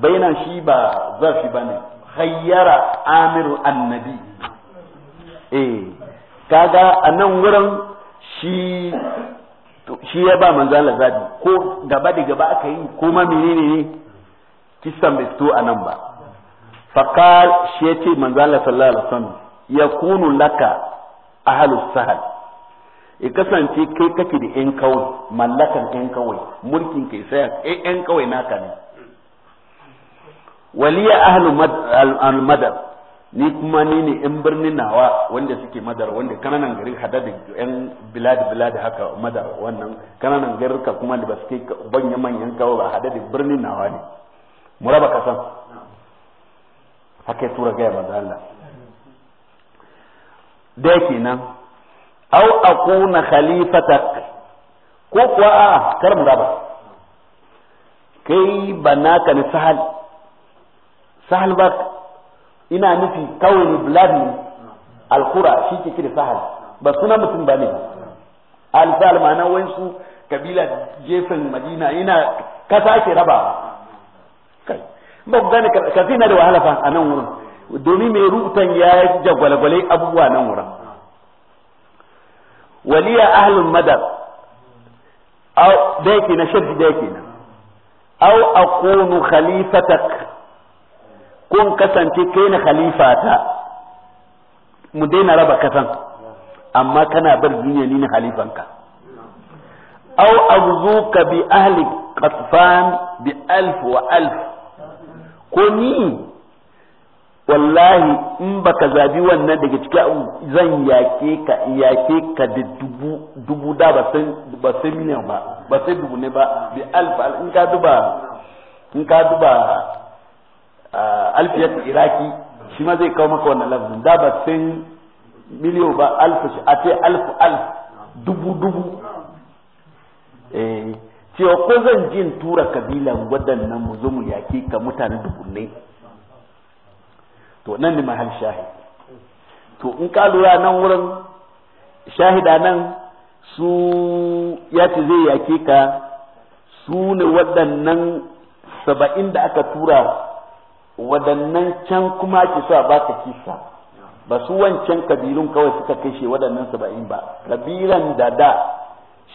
baina shi ba zarfi bane khayyar amiru annabi eh kaga a nan wurin shi shi ya ba manzo Allah zabi ko gaba da gaba aka yi ko ma menene ne kisan bai fito a nan ba Fakar shi ya ce Allah sallallahu alaihi ya kunu laka ahlus sahal ya kasance kai kake da yan kawai mallakan yan kawai mulkin kai sai yan eh, kawai naka ne waliya ahlu madar ni kuma ni ne yan birnin nawa wanda suke madar wanda kananan garin hada da yan bilad bilad haka madar wannan kananan ka kuma da ba suke banyan manyan kawai ba hada da birnin nawa ne mu raba kasan haka tura gaya manzo Allah da kenan aw kuna khalifatak ko kuwa a kar mu raba kai ba naka ni sahal sahal ba ina nufi kawai ni bilad ne shi ke kira sahal ba suna mutum ba ne al-sahal ma'ana kabila gefen madina ina kasa ke raba kai ba ku gane kafin na da wahala fa a nan wurin domin mai rutan ya jagwalgwale abubuwa nan wurin waliya ahlul madar aw da yake na shaddi da yake na aw aqulu khalifatak kun kasance kai na khalifata mu daina raba kasan amma kana bar duniya ni na halifanka aw abzuka bi ahli qatfan bi alf wa alf ko ni wallahi in baka zabi wannan daga cikin zan yake ka yake ka da dubu dubu da ba sai ba sai miliyan ba ba sai dubu ne ba bi alfa in ka duba in ka duba alfiyat iraki shi ma zai kawo maka wannan lafzin da ba sai miliyan ba shi a ce alfu alfu dubu dubu eh cewa ko zan jin tura kabilan waɗannan mu zo mu yaki ka mutane dubunnai to nan ne mahal shahi to in ka lura nan wurin shahida nan su ya ce zai yake ka su ne waɗannan saba'in da aka tura waɗannan can kuma ake so a baka kisa ba su wancan kabilun kawai suka kashe waɗannan saba'in ba kabilan da da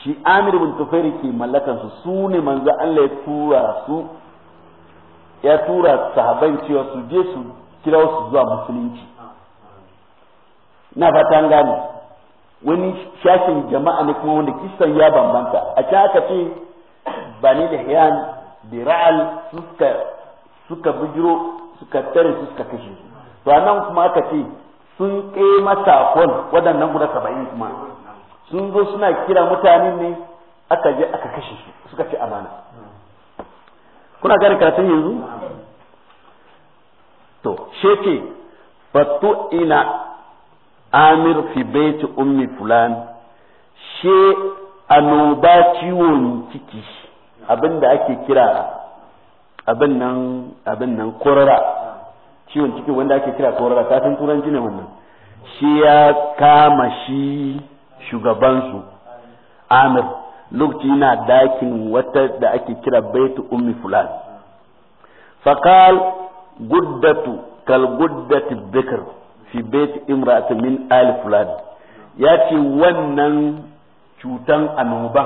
shi amir bin tufairi ke mallakansu su su ne manzo Allah ya tura su ya tura sahaban cewa su je su kira su zuwa musulunci na fatan gane wani shashin jama'a ne kuma wanda kisan ya bambanta a can aka ce bani da hiyan da ra'al suka suka bijiro suka tare su suka kashe to nan kuma aka ce sun ƙe matakon waɗannan guda saba'in kuma sun zo suna kira mutane ne aka je aka kashe su suka ce amana kuna gane karatun yanzu to sheke fatu ina amir fi baiti ummi fulan she anoba ciwon ciki abinda ake kira abin nan abin nan korara ciwon ciki wanda ake kira korara, kafin turanci ne wannan shi ya kama shi shugabansu amir lokaci yana dakin wata da ake kira baitu ummi fulan fakal guddatu kal guddatu bikr fi bait imra'at min ali fulan yace wannan cutan anuba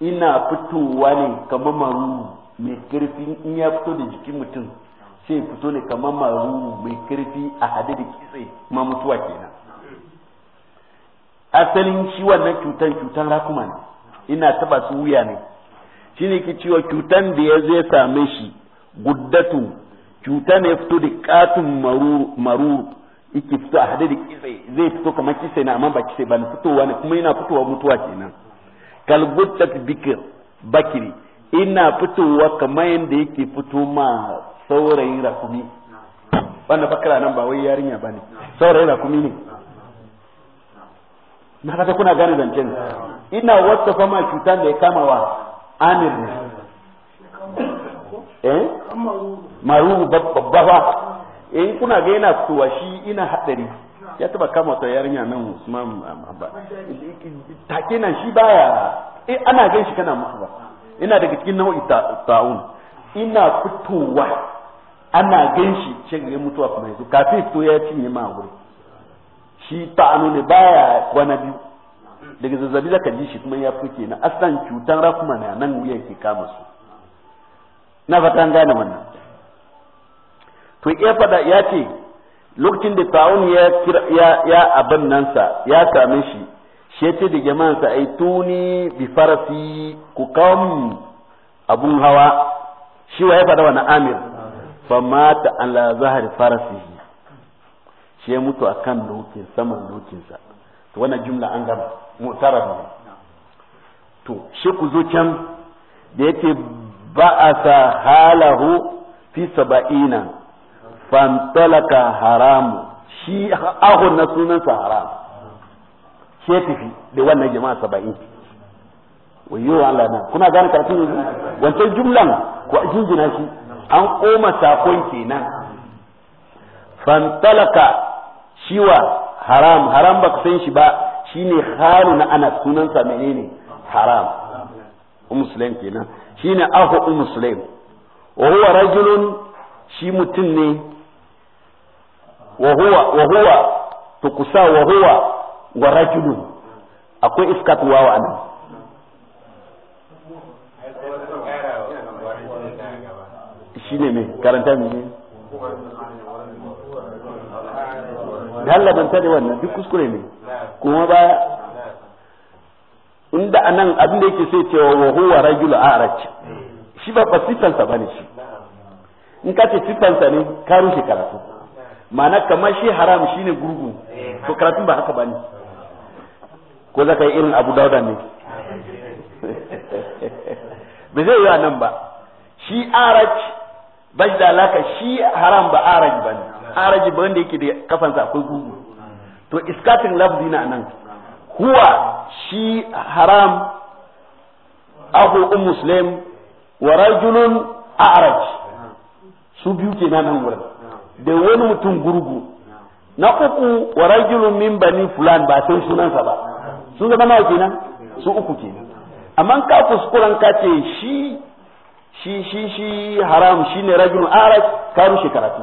ina fitowa ne kamar maru mai karfi in ya fito da jikin mutum sai fito ne kamar maru mai karfi a hade da kitse ma mutuwa kenan asalin shi wannan cutan cutan rakuma ne ina taba su wuya ne shi ne ke cewa cutan da ya zai same shi guddatu cuta ne fito da katun maruru yake fito a hade da kisai zai fito kamar kisai na amma ba kitse ba fitowa ne kuma yana fitowa mutuwa kenan kalguttat bikir bakiri ina fitowa kamar yadda yake fito ma saurayin rakumi wanda bakara nan ba wai yarinya ba ne saurayin rakumi ne na fata kuna gane zancen ina wata fama cuta da ya kama wa amir ne eh maru babba fa eh kuna ga yana fitowa shi ina hadari ya taba kama wata yarinya nan Usman ba take nan shi baya eh ana gan shi kana musu ba ina daga cikin nau'i ta'un ina fitowa ana gan shi shi ga mutuwa kuma yanzu kafin to ya cinye ma wuri shi ta'anu ne baya kwana biyu daga zazzabi zaka ji shi kuma ya fuke na asan cutan rakuma na nan wuya ke kama su na fata an gane wannan to ya fada ya ce lokacin da ta'un ya ya ya abin nan sa ya same shi shi ya ce da jama'an sa ai tuni bi farasi ku kam abun hawa shi wa ya fada wannan amir famata ala zahar farasihi shi ya mutu kan dokin saman dokinsa to wannan jumla an gama mu'tarab ne to shi ku zo can da yake sa halahu fi saba'ina fantalaka haramu shi ahun na sunansa haram shi tafi da wannan jama'a saba'in wayo Allah na kuna gane karatun yanzu wancan jumlan ko jinjina shi an koma sakon kenan fantalaka shiwa haram haram ba ku san shi ba shine haru na ana sunansa menene haram muslim kenan shine ahu muslim wa huwa rajulun shi mutum ne wa huwa wa huwa tukusa wa huwa wa rajulun akwai iskat wawa anan shine me karanta me da Allah manta da wannan duk kuskure ne kuma ba inda anan abin da yake sai cewa wa huwa rajul a'raj shi ba fasitan sa bane shi in ka ce sa ne ka rushe karatu ma'ana kamar shi haram shine gurgu to karatun ba haka bane ko zaka yi irin abu dauda ne ba zai yi nan ba shi araj ba shi da alaka shi haram ba araj bane araji ba wanda yake da kafansa akwai gugu to iskatin lafzi na nan huwa shi haram abu um muslim wa rajulun a'raj su biyu ke nan wurin da wani mutum gurgu na uku wa rajulun min bani fulan ba sai sunansa ba sun zama nawa kenan su uku kenan amma ka kuskuren ka ce shi shi shi shi haram shine rajulun a'raj ka rushe karatu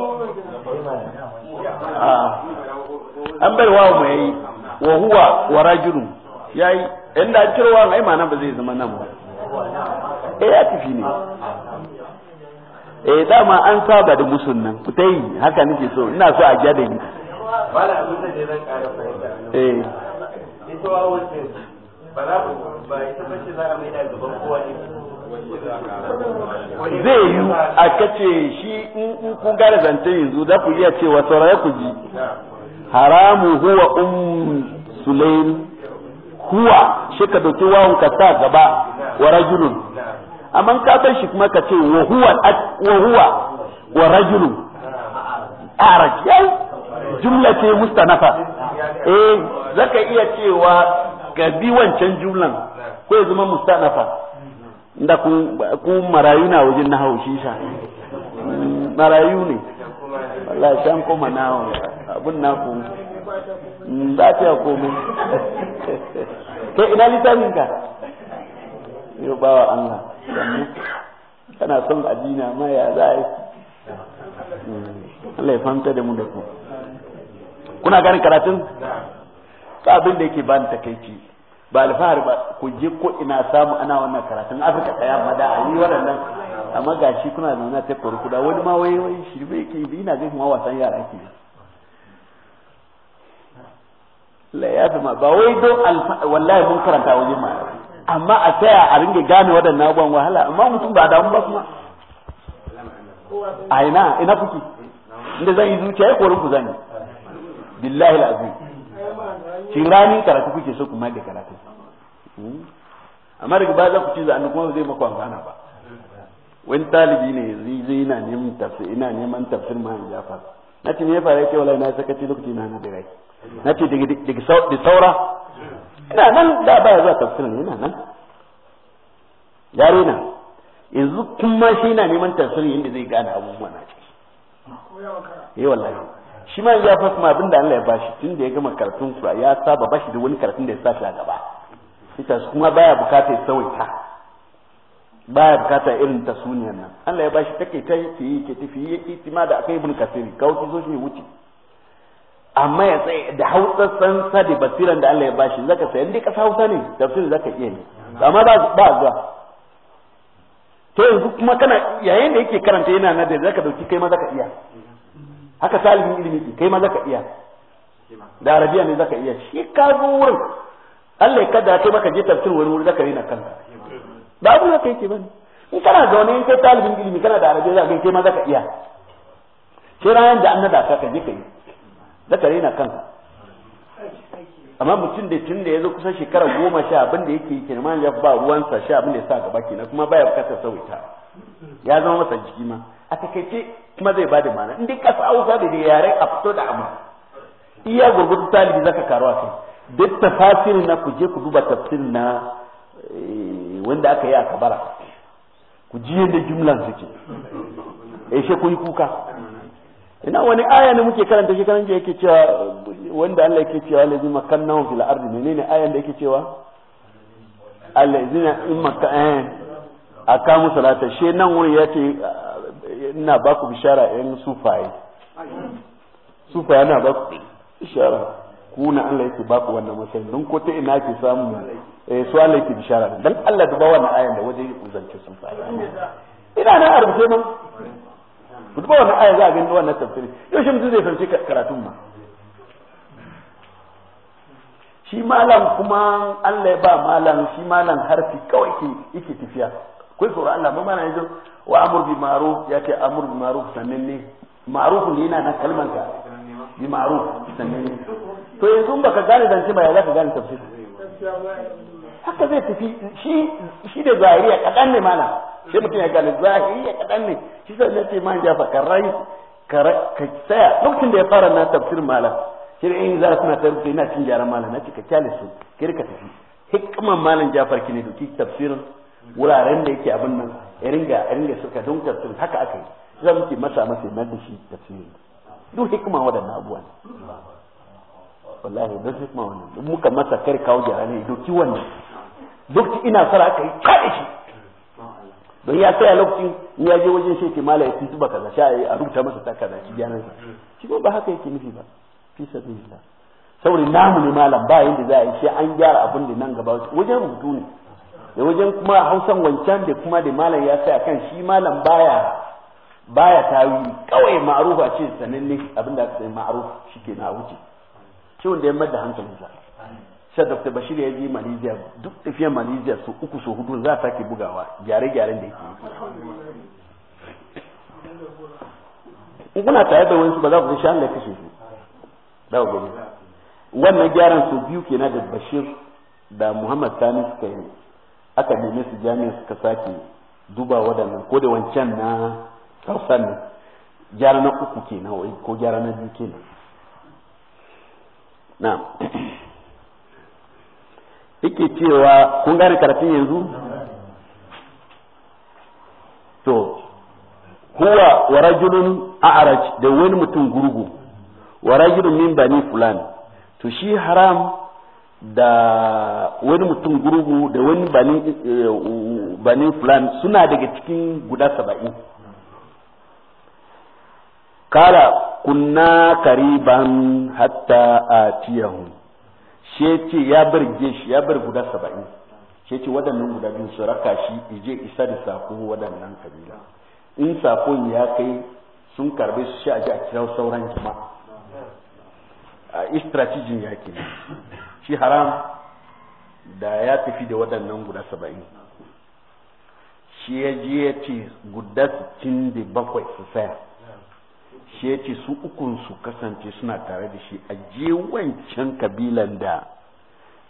Ah. an bai wa mu yi wa huwa wa rajulun yayi inda an ciro wawo ai ma'ana ba zai zama nan ba eh ya tafi ne eh dama an saba da musun kutai fitai haka nake so ina so a gyada ni wala abin da zai zan ƙara fahimta eh ita a ce ba za ba ita ba ce za a mai da gaban kowa ne zai yi a kace shi in ku gane zancen yanzu za ku iya cewa sauraya ku ji haramu huwa um sulaim huwa shi ka dauki wawan ka sa gaba wa rajulun amma ka san shi kuma ka ce wa huwa wa huwa wa rajulun araj yayi jumla ce mustanafa eh zaka iya cewa ka bi wancan jumlan ko ya zama mustanafa da ku marayu na wajen na haushi sa marayu ne Allah shan koma na abun na ku mm, za ta ya komai to ina littafin ka yau wa Allah kana son adina ma ya za a yi mm, Allah ya fanta da mu da ku kuna ganin karatun ka abin da yake ban takaici ba alfahar ba ku je ko ina samu ana wannan karatun afirka ta yamma da ayi waɗannan amma gashi kuna zaune ta kori kuda wani ma wai wai shi bai ke bi ina ganin wasan yara ke la ya ma ba wai don wallahi mun karanta wajen ma amma a tsaya a ringe gane waɗannan abubuwan wahala amma mutum ba damu ba kuma a ina ina kuke inda zan yi zuciya ya korin ku zan yi billahi al'azim cirani karatu kuke so ku maɗe karatu hmm. amma daga baya za ku ci zanu kuma zai maku amfana ba wani talibi ne zai ina neman tafsir ina neman tafsir ma ya jafa na ce me ya faru yake wallahi na sakaci lokaci na na da rai na ce daga saura ina nan da baya zuwa tafsirin ina nan yare na yanzu kuma shi na neman tafsir inda zai gane abubuwa na ce eh wallahi shi ma ya fasma abin da Allah ya bashi tun da ya gama karatun su ya saba bashi da wani karatun da ya sa shi a gaba ita kuma baya bukata ya sawaita baya bukata irin ta suniyan nan Allah ya bashi take ta yake yi ke tafi yi tima da akai ibn kasir kawo ki zo shi wuce amma ya tsaye da hausa san sa da basiran da Allah ya bashi zaka sai dai kasa hausa ne tafsir zaka iya ne amma ba ba zuwa to yanzu kuma kana yayin da yake karanta yana na da zaka dauki kai ma zaka iya haka talibin ilimi ke kai ma zaka iya da arabiya ne zaka iya shi ka zo wurin Allah ya kada kai maka je tafsir wani wuri zaka rena kanka ba abu zaka yake bane in kana da wani kai talibin ilimi kana da arabiya zaka kai ma zaka iya sai ranar da annada ka kaje kai zaka rena kanka amma mutum da tun da ya zo kusan shekara goma sha abin da yake kirman ya ba ruwansa sha abin da ya sa gaba kenan kuma baya bukatar sauta ya zama masa jiki ma a takaice kuma zai bada mana in dai kasa hausa da yare a fito da amma iya gurgudu talibi zaka karo a kai duk tafasir na ku je ku duba tafsir na eh, wanda aka yi a kabara ku ji yadda jumlan suke eh she ku yi kuka ina wani aya ne muke karanta shi karanta yake cewa wanda Allah yake cewa lazi makannahu fil ardi menene ayan da yake cewa allazina in makka eh aka musalata she nan wuri yace ina ba ku bishara in sufaye sufaye na ba ku bishara ku na Allah yake ba ku wannan matsayin don ko ta ina ke samu eh su Allah yake bishara dan Allah duba wannan ayan da waje ku zance sufaye ina nan arbuce ma ku duba wannan ayan za a gani wannan tafsiri yau shi mutum zai fahimci karatun ma shi malam kuma Allah ya ba malam shi malam harfi kawai ke yake tafiya kai tsoro Allah ba mana yanzu wa amur bi ma'ruf ya ce amur bi ma'ruf sannan ne ma'ruf ne yana nan kalman ka bi ma'ruf sannan ne to yanzu ka gane zance ba ya zaka gane tafsir haka zai tafi shi shi da zahiriya kadan ne mana sai mutum ya gane zahiriya kadan ne shi sai ne ce man jafa karai ka tsaya lokacin da ya fara na tafsir malam shi da in za suna tarbi ina cin jaran malam na ce ka kyale su kir ka tafi hikman malam jafar ki ne doki tafsirin wuraren da yake abin nan ringa ringa suka don sun haka aka yi za mu masa masa nan da shi da tafsiri duk hikima waɗannan abubuwan wallahi duk hikima wannan duk muka masa kar kawo gyara ne ki wannan duk ina fara aka yi kada shi don ya tsaya lokacin in ya je wajen shi ke mala ya fi zuba kaza sha a rubuta masa ta kaza shi gyaran sa shi ba haka yake nufi ba fi sabilillah saboda namu ne malam ba yanda za a yi sai an gyara abin da nan gaba wajen rubutu ne da wajen kuma hausan wancan da kuma da malam ya sai kan shi malam baya baya tawi kawai ma'aruf a ce sananne abinda aka sai ma'aruf shike na wuce ce wanda ya mada hankali sa sai dr bashir ya je malaysia duk tafiyar malaysia su uku su hudu za ta ke bugawa gyare-gyaren da yake in kuna tare da wani ba za ku san shan lafi shi da ku gani wannan gyaran su biyu kenan da bashir da muhammad sani suka yi aka neme su jami'a suka sake duba waɗannan ko da wancan na kausan ne gyara na uku na wai ko gyara na biyu ke na ike cewa kun gane karatun yanzu to huwa wa rajulun a'raj da wani mutum gurgu wa rajulun min bani fulani to shi haram da wani mutum gurgu da wani banin eh, fulani suna daga cikin guda saba'in kala kunna kariban hatta a tiyahun she ce ya bar shi ya bar guda saba'in she ce waɗannan guda biyu su raka shi ije isa da sako waɗannan kabila in sakon ya kai sun karbe su shi a ji kira sauran jama'a a istratijin ya shi haram da ya tafi da waɗannan guda saba'in shi ya je ya ce guda sittin da bakwai su saya shi ya ce su ukun su kasance suna tare da shi a je wancan kabilan da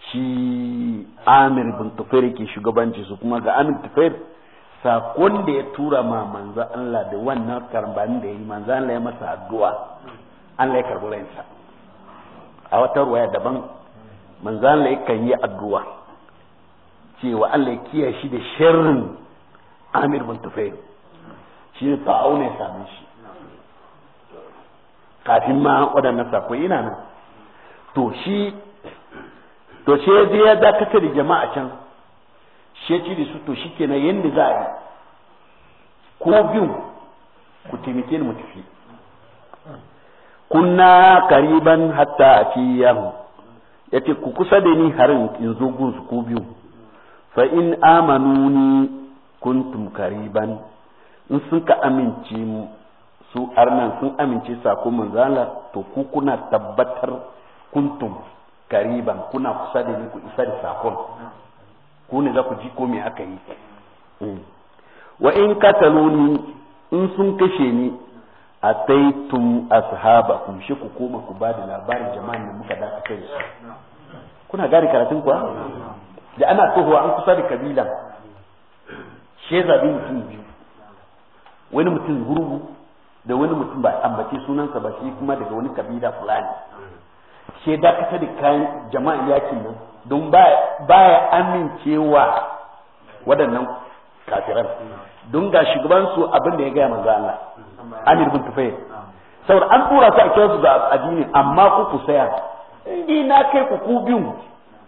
shi amir bin tafiyar ke shugabanci su kuma ga amir tafiyar sakon da ya tura ma manzo Allah da wannan karban da ya yi manzo Allah ya masa addu'a Allah ya karbi ransa a wata ruwaya daban manzan Allah yakan yi addu'a cewa Allah ya shi da sharrin Amir bin Tufayl shi ne ta'auna ya same shi kafin ma waɗannan sako ina nan to shi to shi ya je ya dakata da jama'a can shi ya ci da su to shi kenan yadda za a yi ko biyun ku taimake ni mu tafi kunna kariban hatta a yace ku kusa da ni har in zo su ku biyu fa in amanu ni kuntum kariban in sun ka amince mu su arnan sun amince sako manzala to ku kuna tabbatar kuntum kariban kuna kusa da ni ku isa da sakon ku ne za ku ji ko me aka yi hmm. wa in kataluni in sun kashe ni ataitum ashabakum shi ku koma ku ba da labarin jama'an da muka dace kai su kuna gane karatun kuwa da ana tohuwa an kusa da kabila shi ya zabi wani mutum gurbu da wani mutum ba ambace sunansa ba shi kuma daga wani kabila fulani shi dakata da kayan jama'an yakin nan don baya amincewa waɗannan kafiran don ga shugabansu abin da ya gaya manzo Allah amir bin tufayl saboda an tura su a kira su da addini amma ku ku saya in na kai ku ku biyu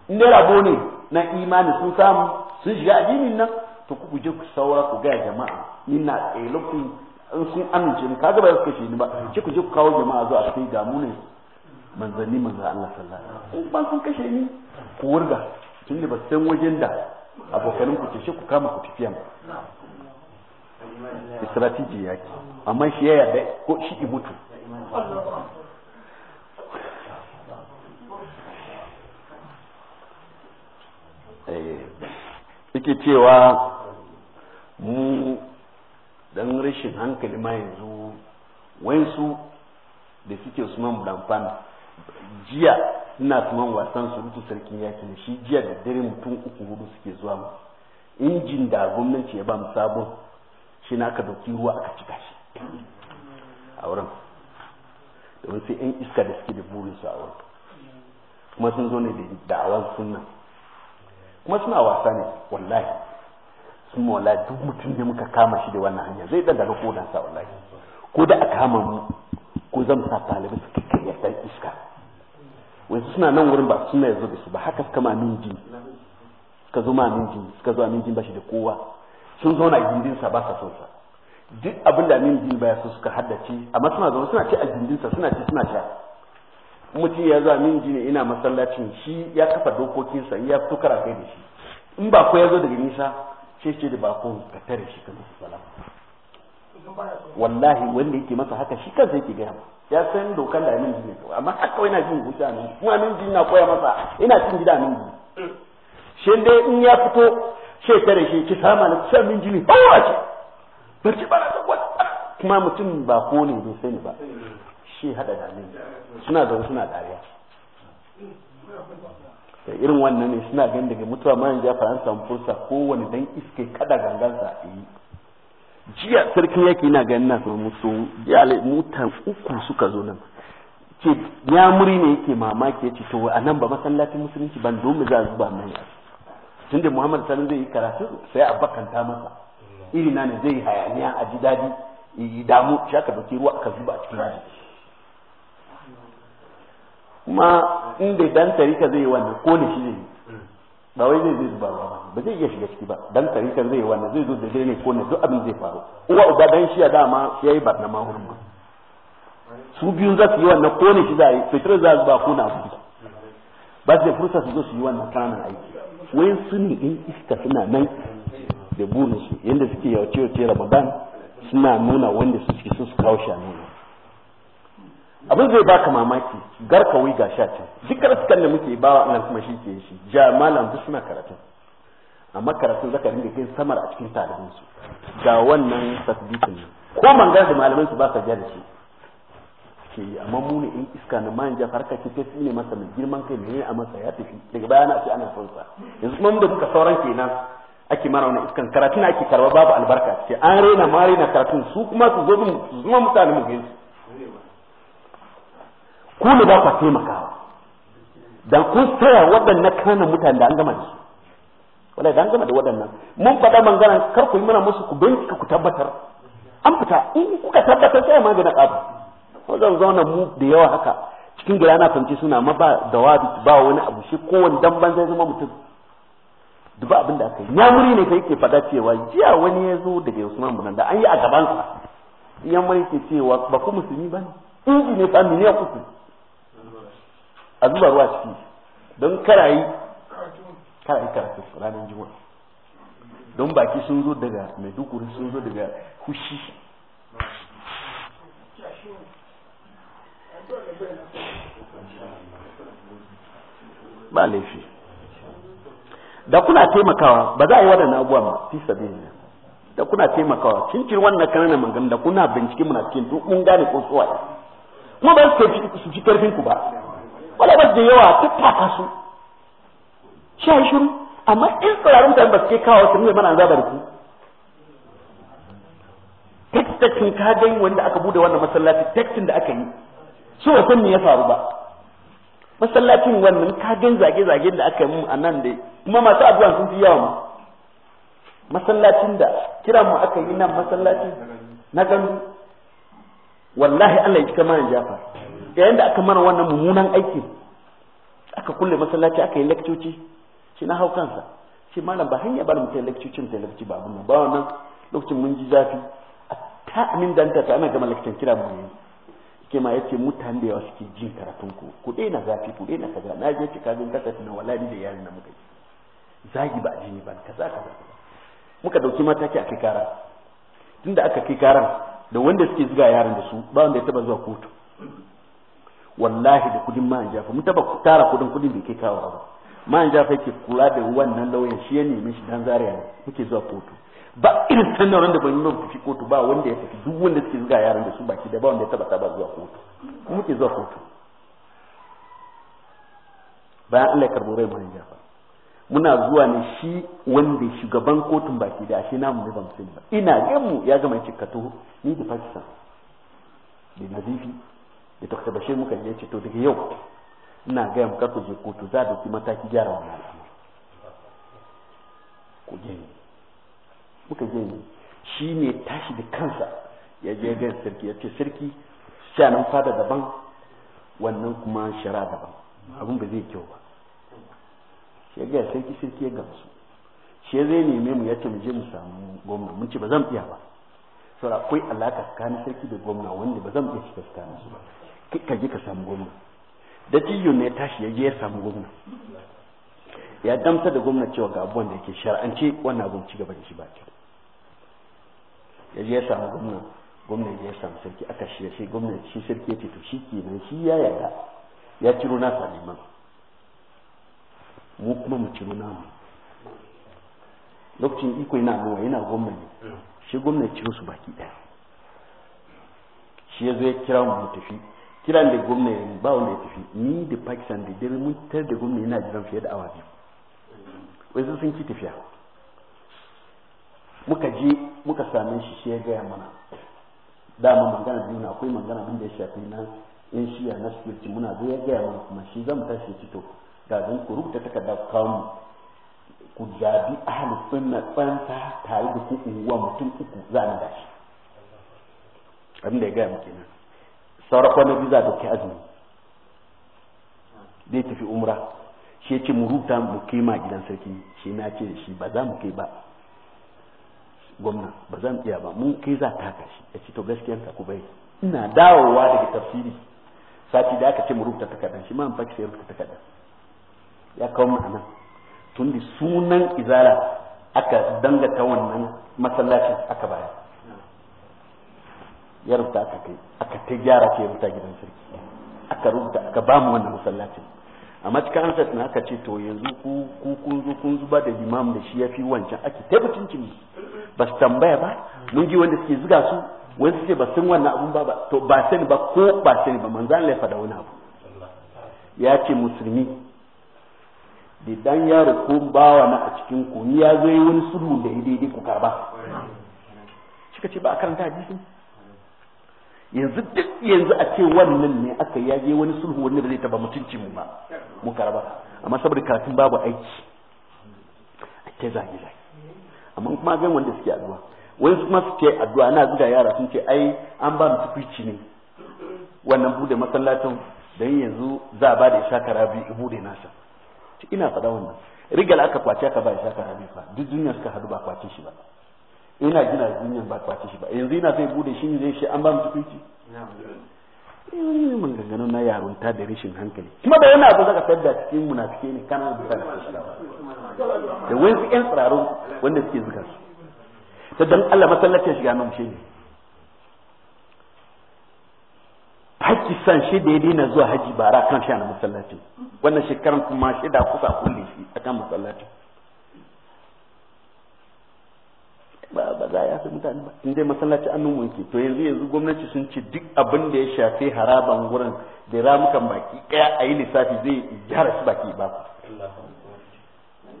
in rabo ne na imani sun samu sun shiga addinin nan to ku je ku saura ku ga jama'a ni na tsaye in sun amince ni kaga ba su kashe ni ba ki ku je ku kawo jama'a zuwa a kai damu ne manzanni manzan Allah sallallahu alaihi wasallam in sun kashe ni ku wurga tun da ba san wajen da abokanin ku ce ku kama ku tafiya ba strategy yake amma shi ya yarda ko shi ki mutu eh, yake cewa mu dan rashin hankali ma yanzu wayansu da suke suman bulamfan jiya suna suman wasan surutu sarkin yakin shi jiya da dare mutum uku hudu suke zuwa mu injin da gwamnati ya ba mu sabon shi na aka dauki ruwa aka cika shi a wurin domin sai yan iska da suke da burin su a wurin kuma sun zo ne da da'awar sunna kuma suna wasa ne wallahi sun wallahi duk mutum ne muka kama shi da wannan hanya zai daga ga sa wallahi ko da aka kama mu ko zan sa talibai su kike ya iska wasu suna nan wurin ba suna yanzu da su ba haka suka ma min jini suka zo ma min jini suka zo a min jini ba shi da kowa sun zo zauna gindinsa ba sa son sa duk abin da amin bin baya su suka haddace amma suna zama suna ci a gindinsa suna ci suna sha mutum ya zo amin jini ina masallacin shi ya kafa dokokinsa ya fito kara kai da shi in ba ko ya zo daga nisa ce ce da bakon ka tare shi kan salama wallahi wanda yake masa haka shi kansa yake gaya ya san dokan da amin jini amma haka wai na jin huta amin mu amin jini na koya masa ina cin gida amin jini shi dai in ya fito sai tare shi ki sama na cin amin jini hawa ce barci ba na da wani kuma mutum ba ko ne bai sani ba shi hada da ne suna da suna dariya da irin wannan ne suna gan daga mutuwa ma yanzu an fursa kowane dan iske kada gangan, a yi jiya sarkin yaki na ganin na kuma musu jiya mutan uku suka zo nan ce ya muri ne yake mamaki yace to a nan ba masallacin musulunci ban domin za a zuba mai tunda Muhammad sallallahu zai yi karatu sai a bakanta masa iri na ne zai hayaniya a ji daɗi yi damu shi aka dauke ruwa aka zuba a cikin daji kuma inda dan tarika zai yi wannan ko ne shi zai yi ba wai zai zai zuba ruwa ba ba zai iya shiga ciki ba dan tarika zai yi wannan zai zo da dai ne ko ne duk abin zai faru uwa uba dan shi a dama shi yayi barna ma hurma su biyu za su yi wannan ko ne shi za a yi fitar za a zuba ko na abu ba su da fursa su zo su yi wannan kananan aiki Wai su ne in iska suna nan da burinsu yadda suke yawace yawace ramadan suna nuna wanda suke sun su kawo shanu abin zai baka mamaki garka wai ga sha can zikarsukan da muke bawa Allah kuma shi ke shi jama'a duk suna karatun amma karatun zaka dinga kai samar a cikin talibin su ga wannan tasbitin ko manga da malaman su ba sa jar shi ke yi amma mu in iska na man ja farka ki tafi ne masa mai girman kai ne a masa ya tafi daga bayan a ce ana son sa yanzu kuma da muka sauran kenan ake mara wani iskan na ake karba babu albarka ce an raina ma raina karatun su kuma su zo su zuma mutane mu gaisu ku ne ba ku taimakawa dan kun tsaya waɗannan kana mutane da an gama da su wala an gama da waɗannan mun faɗa mangaran kar ku yi mana musu ku bincika ku tabbatar an fita in kuka tabbatar sai magana ƙafa zan zauna mu da yawa haka cikin gida na kwanci suna ma ba dawabi ba wani abu shi kowanne dan banzai zama mutum duba abin da aka yi ya muri ne kai ke fada cewa jiya wani ya zo daga usman bin da an yi a gaban sa ya muri ke cewa ba ku musulmi ba ne ji ne fa ne ku ku a zuba ruwa ciki don karayi karayi karatu ranar juma'a don baki sun zo daga maiduguri sun zo daga hushi ba laifi da kuna taimakawa ba za a yi waɗannan abubuwa ba fi ne da kuna taimakawa cincin wannan kananan magana da kuna bincike muna cikin duk mun gane ko suwa kuma ba su fi karfin ku ba wala ba da yawa tattaka su sha shiru amma in tsirarin ta ba su ke kawo su ne mana zabar ku tekstin ka gani wanda aka bude wannan masallaci tekstin da aka yi su wasan ne ya faru ba masallacin wannan kagen zage zage da aka yi mu a nan dai kuma masu addu'a sun fi yawa masallacin da kira mu aka yi nan masallacin na gandu wallahi Allah ya kama mana jafa yayin da aka mana wannan mummunan aiki aka kulle masallaci aka yi lakcoci shi na hau kansa shi malam ba hanya ba mu kai lakcocin da lakci ba mun ba wannan lokacin mun ji zafi a ta amin danta ta ana gama lakcin kira mu ne ke ma yace mutane da yawa suke jin karatun ku ku daina zafi ku daina kaza na je cika bin kasa na walali da yaran na muka yi zagi ba jini ba kaza kaza muka dauki mataki a kai kara tunda aka kai karan da wanda suke zuga yaran da su ba wanda ya taba zuwa kotu wallahi da kudin man jafa mu taba tara kudin kudin bai kai kawo ba man jafa yake kula da wannan lauyan shi ya neme shi dan zariya ne muke zuwa kotu ba irin sanarwar da ban yi ban tafi kotu ba wanda ya tafi duk wanda suke zuga yaran da su baki da ba wanda ya taba taba zuwa kotu kuma ke zuwa kotu bayan Allah ya karbo rai mun jafa muna zuwa ne shi wanda shugaban kotun baki da ashe namu ne ba mu sani ba ina gemu ya gama cikkato ni da Pakistan da Nazifi da Dr. Bashir muka je ce to daga yau ina ga mu kar ku je kotu za da ki mataki gyara wannan ku je muka je ne shi ne tashi da kansa ya je ga sarki ya ce sarki shanan fada daban wannan kuma shara daban abin ba zai kyau ba shi ga sarki sarki ya gamsu shi zai neme mu ya ce mu je mu samu gwamna mun ce ba zan iya ba saboda akwai alaka tsakanin sarki da gwamna wanda ba zan iya shiga tsakanin su ba ka je ka samu gwamna da jiyo ne tashi ya je ya samu gwamna ya damta da gwamna cewa ga abubuwan da yake shara'ance wannan abun ci gaba da shi ba kyau ya je ya samu gwamna gwamna ya samu sarki aka shi sai gwamna shi sarki ya ce to shi ke nan shi ya yarda ya ciro na sami man mu kuma mu ciro mu lokacin iko yana nawa yana gwamna ne shi gwamna ciro su baki ɗaya shi ya zo ya kira mu mu tafi kiran da gwamna ya ba wanda ya tafi ni da pakistan da dare mun tar da gwamna yana jiran fiye da awa biyu wai sun ki tafiya muka je muka same shi shi ya gaya mana dama magana biyu na akwai magana abin da ya shafi na shi shiya na spiriti muna zo ya gaya mana kuma shi zan tashi ya to ga zan ku rubuta takarda ku kawo mu ku zabi ahalin sunna tsanta tare da ku unguwa mutum uku za a nada shi abin da ya gaya muke nan sauran kwanan biyu za a dauki azumi zai tafi umra shi ya ce mu rubuta mu kai ma gidan sarki shi na ce shi ba za mu kai ba gwamna ba zan iya ba mun kai za ta kashi ya ce to gaskiyan ka ku bai ina dawowa daga tafsiri sati da aka ce mu rubuta takardar shi ma an fakishi ya rubuta takardar ya kawo ma'ana tun da sunan izala aka dangata wannan masallacin aka baya ya rubuta aka kai aka ta gyara ce ya rubuta gidan sarki aka rubuta aka ba mu wannan masallacin a cikin an na aka ce to yanzu ku kun zo kun zuba da limam da shi ya fi wancan ake tabbacin cin ba su tambaya ba mun ji wanda suke zuga su wani suke ba sun wannan abun ba ba to ba sani ba ko ba sani ba manzan Allah da wani abu ya ce musulmi da dan yaro ko bawa na a cikin ku ni ya zo wani sulhu da daidai ku karba shi ce ba a karanta yanzu duk yanzu a ce wannan ne aka yaje wani sulhu wani ba zai taba mutunci mu ba mu karaba amma saboda karatun babu aiki ta zage zage amma kuma ga wanda suke addu'a wani kuma suke addu'a na zuga yara sun ce ai an ba mu tukwici ne wannan bude masallacin dan yanzu za a ba da isa karabi bude nasa ina faɗa wannan rigal aka kwace aka ba isa karabi fa duk duniya suka hadu ba kwace shi ba ina gina duniyan ba kwace shi ba yanzu ina zai bude shi ne zai shi an ba mu ne mun ganganun na yarunta da rashin hankali kuma da yana zaka fadda cikin munafike ne kana da shi da wai su yan tsirarun wanda suke zuga su ta dan Allah masallacin shiga nan shi ne San shi da ya daina zuwa haji bara kan shi na masallacin wannan shekaran kuma shi da kusa kulle shi akan masallacin ba za a yafe mutane ba in dai masallaci an to yanzu yanzu gwamnati sun ce duk abin da ya shafi haraban wurin da ramukan baki ɗaya a yi lissafi zai gyara su baki ba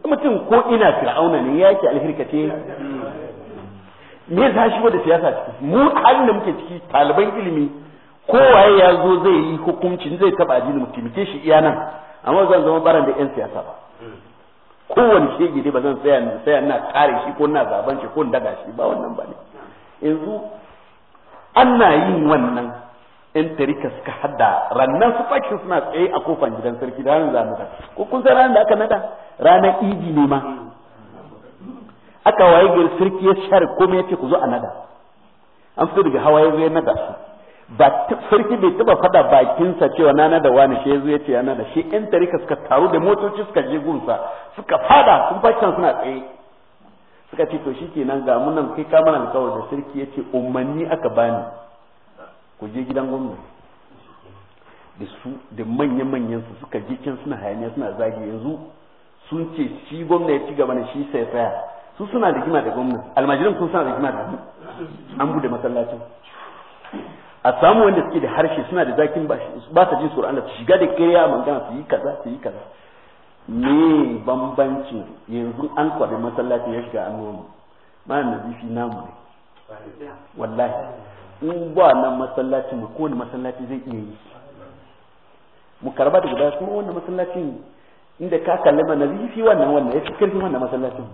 ku. mutum ko ina fir'auna ne ya yake alhirkace hmm, me za shi da siyasa ciki mu halin da muke ciki taliban ilimi kowaye ya zo zai yi hukuncin zai taba addini mu ke shi iya nan amma zan zama baran da yan siyasa ba kowane shege ne ba zan tsaya na tsaya na kare shi ko na zaban shi ko na daga shi ba wannan ba ne yanzu ana yin wannan yan tarika suka hada rannan su fakin suna tsaye a kofan gidan sarki da ranar zamuka ko kun san ranar da aka nada ranar idi ne ma aka waye gari sarki ya share komai ya ce ku zo a nada an fito daga hawa ya nada su ba sarki bai taba fada bakinsa cewa nana da wani shi yazo yace yana da shi in tarika suka taru da motoci suka je gunsa suka fada sun baccan suna tsaye suka ce to shikenan ga mun nan kai ka mana alƙawari da sarki yace ummanni aka bani ku je gidan gwamna da su da manyan manyan su suka je can suna hayaniya suna zagi yanzu sun ce shi gwamna ya ci gaba ne shi sai tsaya su suna da gima da gwamna almajirin sun suna da gima da an bude masallacin a samu wanda suke da harshe suna da zakin ba su jin tsoron Allah su shiga da kariya magana su yi kaza su yi kaza me bambancin yanzu an kwada masallaci ya shiga an nono na nazifi namu ne wallahi in ba na masallaci mu kowane masallaci zai iya yi mu karba da guda kuma wannan masallacin inda ka kalli ma nazifi wannan wannan ya fi karfin wannan masallacin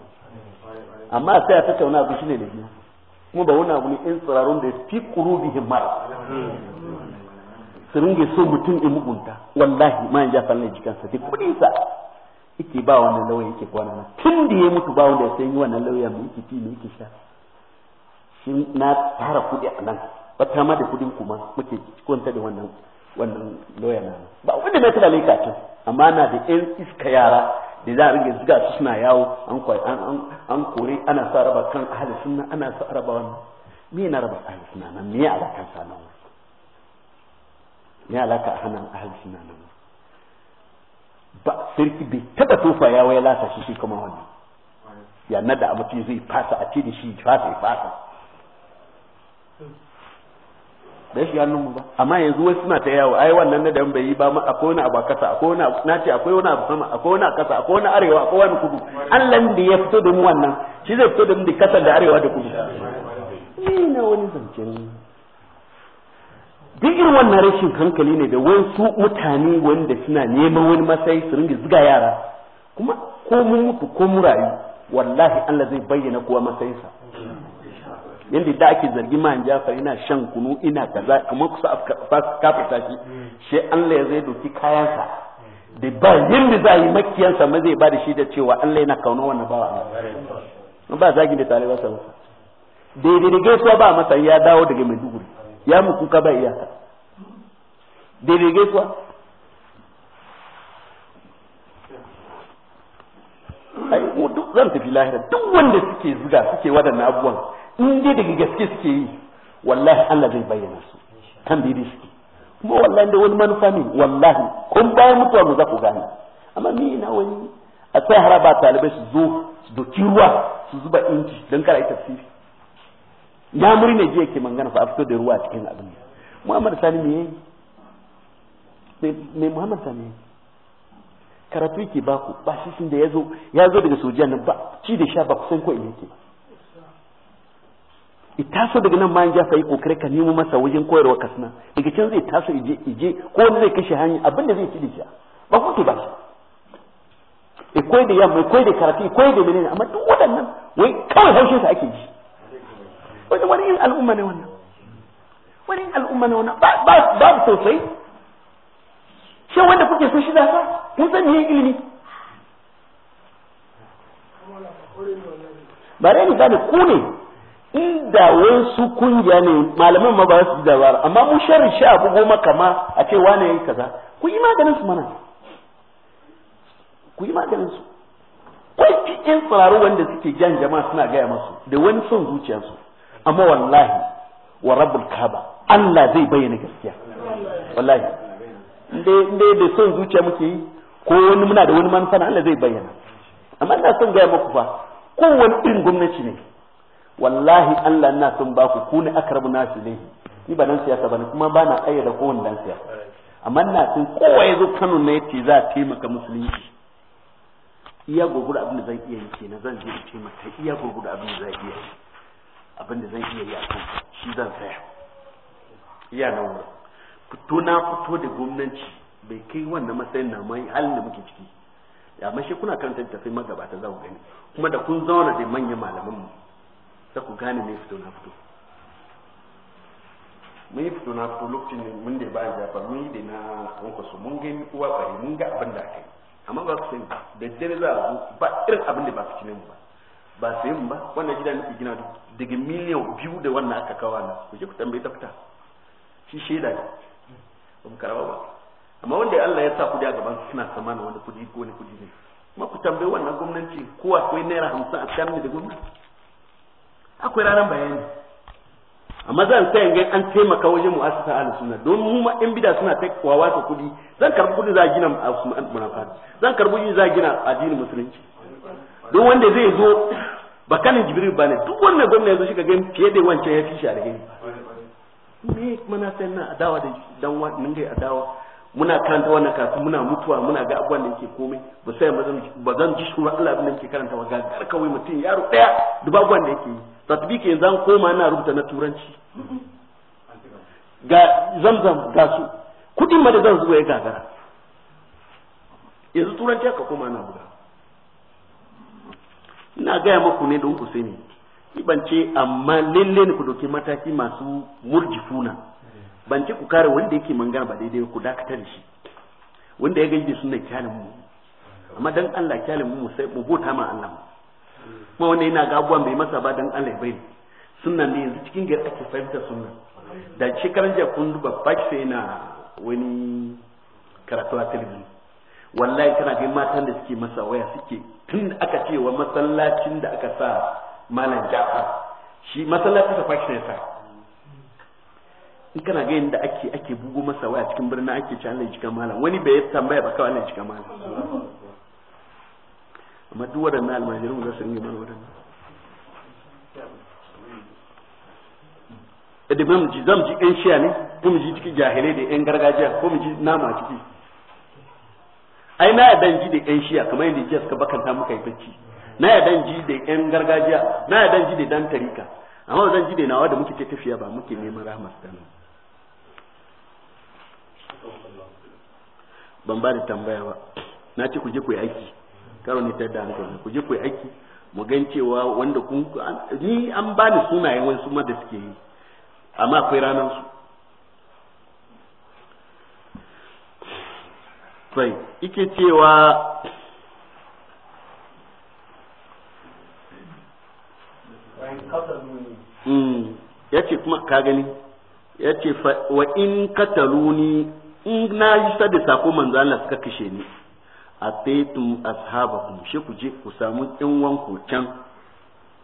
amma sai a tattauna abu shine da biyu kuma ba wani abu ne in tsirarun da fi qulubihim mar su ringe so mutum in mugunta wallahi ma ya falle jikansa duk kudinsa yake ba wannan lauya yake kwana na. tun da ya mutu ba wanda ya san wannan lauya mai yake fi mai yake sha shi na tara kudi a nan wata ma da kudin kuma muke kwanta da wannan wannan lauya na ba wanda mai tada lai kacin amma na da yan iska yara da za a rage zuga su suna yawo an kore ana sa raba kan ahli sunna ana sa raba wannan me na raba ahli sunna nan me alakan sa nan me alaka hanan ahli sunna nan ba sarki bai taba tofa yawo ya lasa shi shi kuma wannan ya nada abu zai fasa a ce da shi fasa ya fasa bai shiga hannun mu ba amma yanzu wasu suna ta yawo ai wannan na da bai yi ba ma akwai wani abu a kasa akwai wani na ce akwai wani abu sama akwai wani a kasa akwai wani arewa akwai wani kudu Allah da ya fito da mu wannan shi zai fito da mu da kasa da arewa da kudu ni na wani zance duk irin wannan rashin hankali ne da wasu mutane wanda suna neman wani matsayi su ringa zuga yara kuma ko mun mutu ko mu rayu wallahi Allah zai bayyana kuwa matsayinsa yadda da ake zargi an jafar ina shan kunu ina kaza kuma kusa kafirta shi hmm. shi Allah ya zai doki kayansa da ba yadda za a yi makiyansa ma zai ba da shi da cewa Allah yana kauna wannan ba Allah hmm. ba zagi da tare ba sa masa daidai da gaisuwa ba masa ya dawo daga mai duguri. ya mu kuka ba iyaka daidai gaisuwa ai mu duk zan tafi lahira duk wanda suke zuga suke wadannan abubuwan in dai daga gaske suke yi wallahi Allah zai bayyana su kan daidai suke kuma wallahi da wani manufa ne wallahi kun bayan mutuwa mu za ku gane amma ni ina wani a sai haraba talibai su zo su doki ruwa su zuba inji don kara tafsiri ya muri ne jiya ke mangana fa a fito da ruwa a cikin abin Muhammad Sani me yayi me Muhammad Sani karatu yake baku ba shi da ya zo ya zo daga sojiya nan ba ci da sha ba kusan ko ina yake ba taso daga nan ma ja sai kokare ka nemo masa wajen koyarwa kasna daga can zai taso ije ije ko wanda zai kashe hanyar abin da zai ci da ba ku ba shi e koyi da yamma koyi da karatu koyi da menene amma duk waɗannan wai kawai haushin sa ake ji wani wani yin al'umma ne wannan wani yin al'umma ne wannan ba ba sosai shi wanda kuke so shi za kun san ne ilimi ba rai da ku ne inda wasu kungiya ne malaman ma ba su ji dabara amma mu sharri sha abu goma kama a ce wane yayi kaza ku yi maganin su mana ku yi maganin su ki in tsiraru wanda suke jan jama'a suna gaya masu da wani son zuciyarsu amma wallahi wa rabbul kaba Allah zai bayyana gaskiya wallahi inda da son zuciya muke yi ko wani muna da wani manufa Allah zai bayyana amma ina son gaya muku fa kowane irin gwamnati ne wallahi Allah na sun ba ku ku ne akrabu nasu ne ni ba dan siyasa bane kuma ba na da kowanne dan siyasa amma na sun kowa ya zo Kano ne yace za a taimaka musulunci iya gurgur abin da zan iya yi na zan je ce taimaka iya gurgur abin da zan iya yi abin da zan iya yi a kan shi zan tsaya iya na wuri fito na fito da gwamnati bai kai wannan matsayin na mai halin da muke ciki amma shi kuna karanta tafi magabata za ku gani kuma da kun zauna da manyan malaman mu sai ku gane mai fito na fito mun yi fito na fito lokacin mun da bayan jafa mun yi da na wanka su mun gani uwa bari mun ga abin da aka yi amma ba su sani da dare za a zo ba irin abin da ba su mu ba ba su mu ba wannan gida nufi gina daga miliyan biyu da wannan aka kawo na ku je ku tambayi ta fita shi shaida ne ba mu karaba ba amma wanda Allah ya sa kudi a gaban suna samana wani kudi ko wani kudi ne kuma ku tambayi wannan gwamnati ko akwai naira hamsin a kan da gwamnati akwai ranar bayani amma zan sai ga an taimaka wajen mu'assasa ahlus sunna don mu ma in bida suna take wawa ta kudi zan karbi kudi za gina munafa zan karbi kudi za gina addinin musulunci don wanda zai zo bakanin jibril bane duk wannan gwamnati yanzu shi ka gani fiye da wancan ya fi shi alheri me mana sai na adawa da dan mun ga adawa muna karanta wannan kafi muna mutuwa muna ga abubuwan da yake komai ba sai ba zan ji tsoron Allah abin da yake karanta wa gagar kawai mutum yaro daya duba da yake yi tatbiki yanzu an koma na rubuta na turanci ga zamzam ga su kudin ma da zan zuwa ya gagara yanzu turanci aka koma na buga ina gaya maku ne don ku sani ni ban ce amma lalle ne ku dauki mataki masu murjifuna ban ce ku kare wanda yake mangana ba daidai ku dakatar da shi wanda ya gaji sunan kyalin mu amma dan Allah kyalin mu sai mu bota ma Allah kuma wanda yana ga abubuwan bai masa ba dan Allah bai sunna ne yanzu cikin gari ake fahimta sunna da shekaran jiya kun duba baki sai na wani karatu a talabijin wallahi kana ga matan da suke masa waya suke tun aka ce wa masallacin da aka sa malam Ja'far shi masallacin da fashin ya sa in kana ga da ake ake bugo masa waya cikin birnin ake cewa Allah ya jika malam wani bai tambaya ba kawai Allah ya jika malam amma duk waɗannan almajirin za su ringa mana waɗannan da mu ji zam ji ɗan shiya ne ko mu ji ciki jahilai da ɗan gargajiya ko mu ji nama ciki ai na yadda ji da ɗan shiya kamar yadda jiya suka bakanta muka yi bacci na yadda ji da ɗan gargajiya na yadda ji da ɗan tarika amma zan ji da nawa da muke ce tafiya ba muke neman rahmar da nan ban ba da tambaya ba na ce ku je ku yi aiki karo ne ta da hankali ku je ku yi aiki mu gan cewa wanda kun ni an ba ni sunayen wasu ma da suke yi amma akwai ranar su sai ike cewa hmm, ya ce kuma ka gani ya ce wa in kataluni in na yi sadisa sako manzo Allah suka kashe ni ataitum ashabakum shi ku je ku samu ɗan wanku can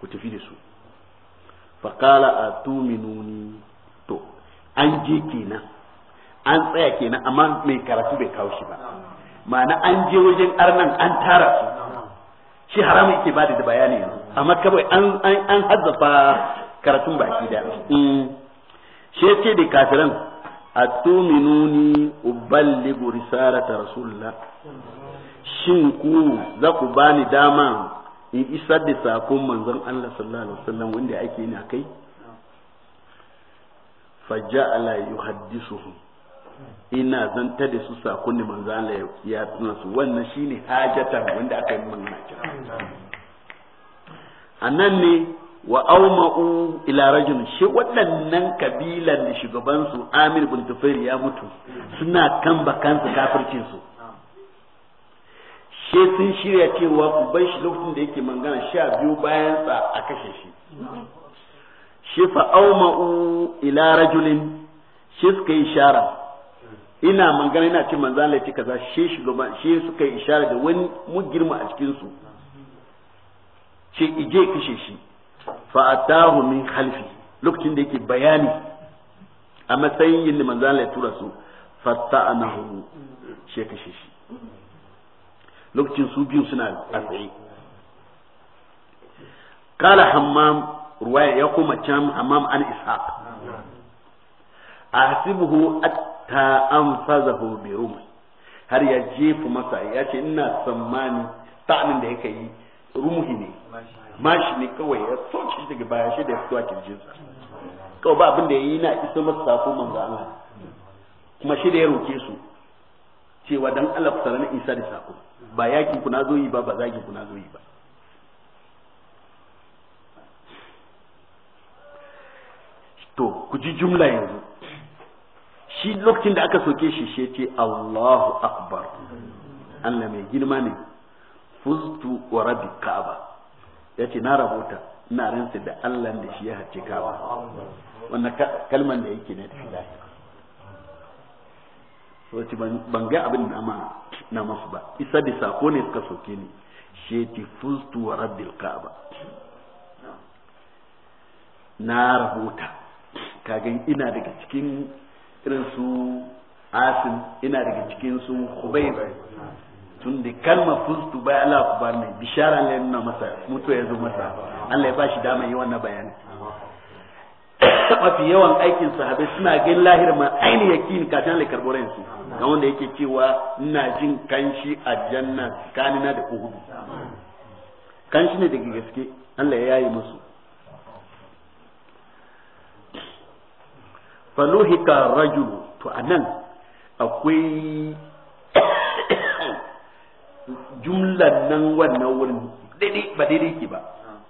ku tafi da su faqala atuminuni to an je kenan an tsaya kenan amma mai karatu bai kawo shi ba ma'ana an je wajen arnan an tara su shi haramun yake ba da bayani yanzu amma kawai an an an hazzafa karatun baki da mm. shi ce da kafiran atuminuni uballigu risalata rasulullah shin ku za ku bani dama in isar da sakon manzon Allah sallallahu alaihi wasallam wanda ake yi kai faja'ala yuhaddisuhum ina zanta da su sakon da manzon Allah ya tuna su wannan shine hajatan wanda aka yi manna kira anan ne wa auma'u ila rajul shi waɗannan kabilan da shugaban su Amir bin Tufair ya mutu suna kan bakansu kafircin su she sun shirya cewa ku shi lokacin da yake mangana sha biyu bayan sa a kashe shi shi fa auma'u ila rajulin shi suka yi ishara ina mangana ina ce manzan laifi kaza shi shugaban shi suka yi ishara da wani mu girma a cikin su ce ije kashe shi fa atahu min khalfi lokacin da yake bayani a matsayin yin manzan laifi tura su na shi kashe shi lokacin su biyu suna a tsaye kala hammam ruwaya ya koma can hammam an isa. a ahsibuhu atta anfazahu bi rumi har ya jefa masa ya ce ina tsammani ta'anin da yake yi rumuhi ne mashi ne kawai ya soke daga baya shi da ya fito a kirjinsa kawai ba abin da ya yi na isa masa sako manzo Allah kuma shi da ya roke su cewa dan Allah ku na Isa da sako ba yakin ku na zo yi ba ba zagin ku na yi ba to ku ji jumla yanzu shi lokacin da aka soke shi shi ce Allahu akbar Allah mai girma ne fustu wa rabbi ka'aba yace na rabota ina ransa da Allah da shi ya hacce ka'aba wannan kalman da yake ne da ilahi wace ban ga abin na masu ba isa da sako ne suka soke ni she ti fustu wa rabbil ka'aba na rahota kagan ina daga cikin irin su asim ina daga cikin su hubai tun da kalma fustu bai ala bar ne bishara ne na masa mutu ya zo masa Allah ya ba shi dama yi wannan bayani mafi yawan aikin sahabai suna gin lahir ma ainihin yakin kafin lai su ga wanda yake cewa ina jin kanshi a janna tsakanina da uhudu kanshi ne daga gaske Allah ya yayi musu faluhika rajulu to anan akwai jumlan nan wannan wurin daidai ba daidai ki ba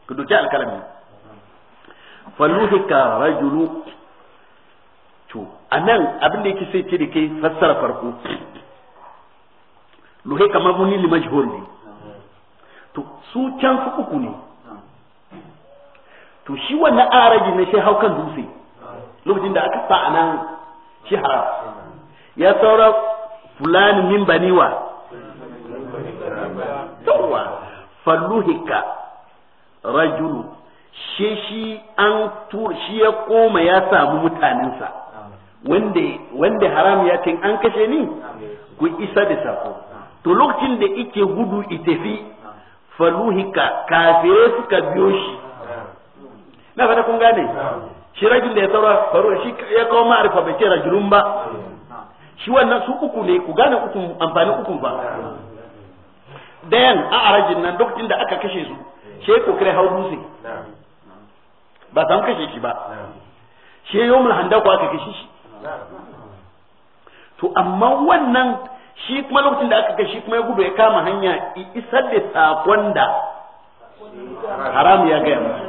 ku doki alkalami faluhika rajulu a nan abin da yake sai ce da kai fassara farko luhe kamar muni limaj ne to su can su uku ne to shi wannan aragi na shi haukan dutse lokacin da aka sa a nan shi haram ya saura fulani min baniwa yawa falluhika rajulu shi shi an tur shi ya koma ya samu mutanensa wanda haram ya ce an kashe ni ku isa da sako to lokacin da ike gudu itafi faluhika kafire suka biyo shi na fata kun gane shi rajul da ya saura faru shi ya kawo ma'arifa bai ce rajulun ba shi wannan su uku ne ku gane uku amfani uku ba dayan a arajin nan lokacin da aka kashe su shi ya kokare hau dutse ba san kashe shi ba shi yau mun handa ku aka kashe shi to amma wannan shi kuma lokacin da aka ga shi kuma ya gudu ya kama hanya isar da sakon da haram ya gaya masa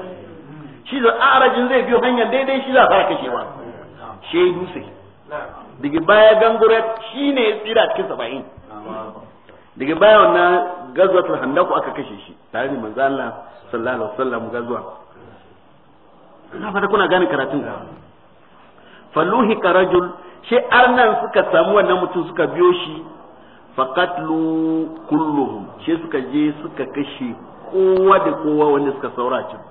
shi da arajin zai biyo hanyar daidai shi za a fara kashewa shi dutse daga baya gangure shi ne ya tsira cikin saba'in daga baya wannan handa ku aka kashe shi tare da manzo Allah sallallahu alaihi wasallam gazuwa na fata kuna gane karatun faluhi rajul shi arnan suka samu wannan mutum suka biyo shi lu kulluhum shi suka je suka kashe kowa da kowa wanda suka saura can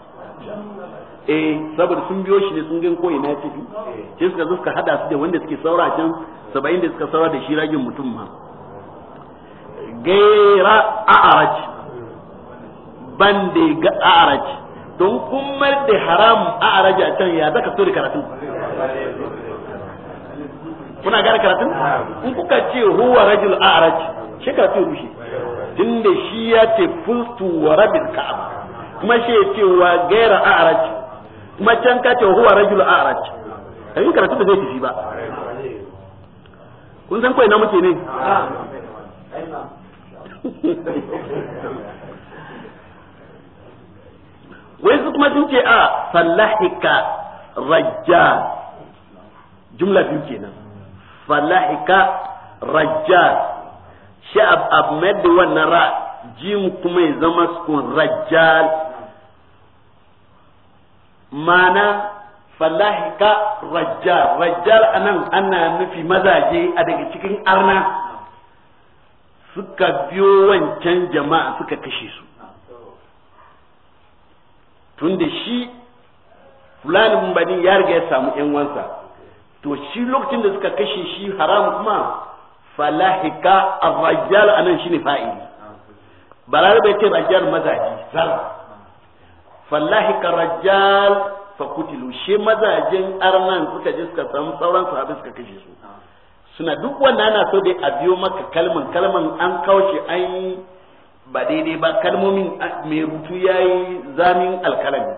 eh saboda sun biyo shi ne sun gan ko ina tafi shi suka zo suka hada su da wanda suke saura can 70 da suka saura da shi ragin mutum ma gaira a'araj ban da ga a'araj don kun mar da haram a araja can ya zaka so da karatun kuna gane karatun in kuka ce huwa rajul a'raj araji shi karatu rushe tunda shi ya ce fultu wa rabbil ka'aba kuma shi ya ce wa gaira a'raj kuma can ka ce huwa rajul a'raj araji karatu da zai tafi ba kun san kawai na muke ne wai su kuma suke a falahika rajja jumla biyu kenan falahika rajja shi abu da wannan ra jim kuma ya zama sukun rajjal mana falahika rajja rajjal anan ana nufi mazaje a daga cikin arna suka biyo wancan jama'a suka kashe su tun da shi fulani bani ya riga ya samu yan wansa to shi lokacin da suka kashe shi haram kuma falahika arrajal anan shine fa'ili balare bai ce rajal mazaji zar falahika rajal kutilu shi mazajin arnan suka je suka samu sauran sahabi suka kashe su suna duk wanda ana so dai a biyo maka kalman kalman an kawo shi an ba daidai ba kalmomin ah, mai rutu ya yi zamin alkalami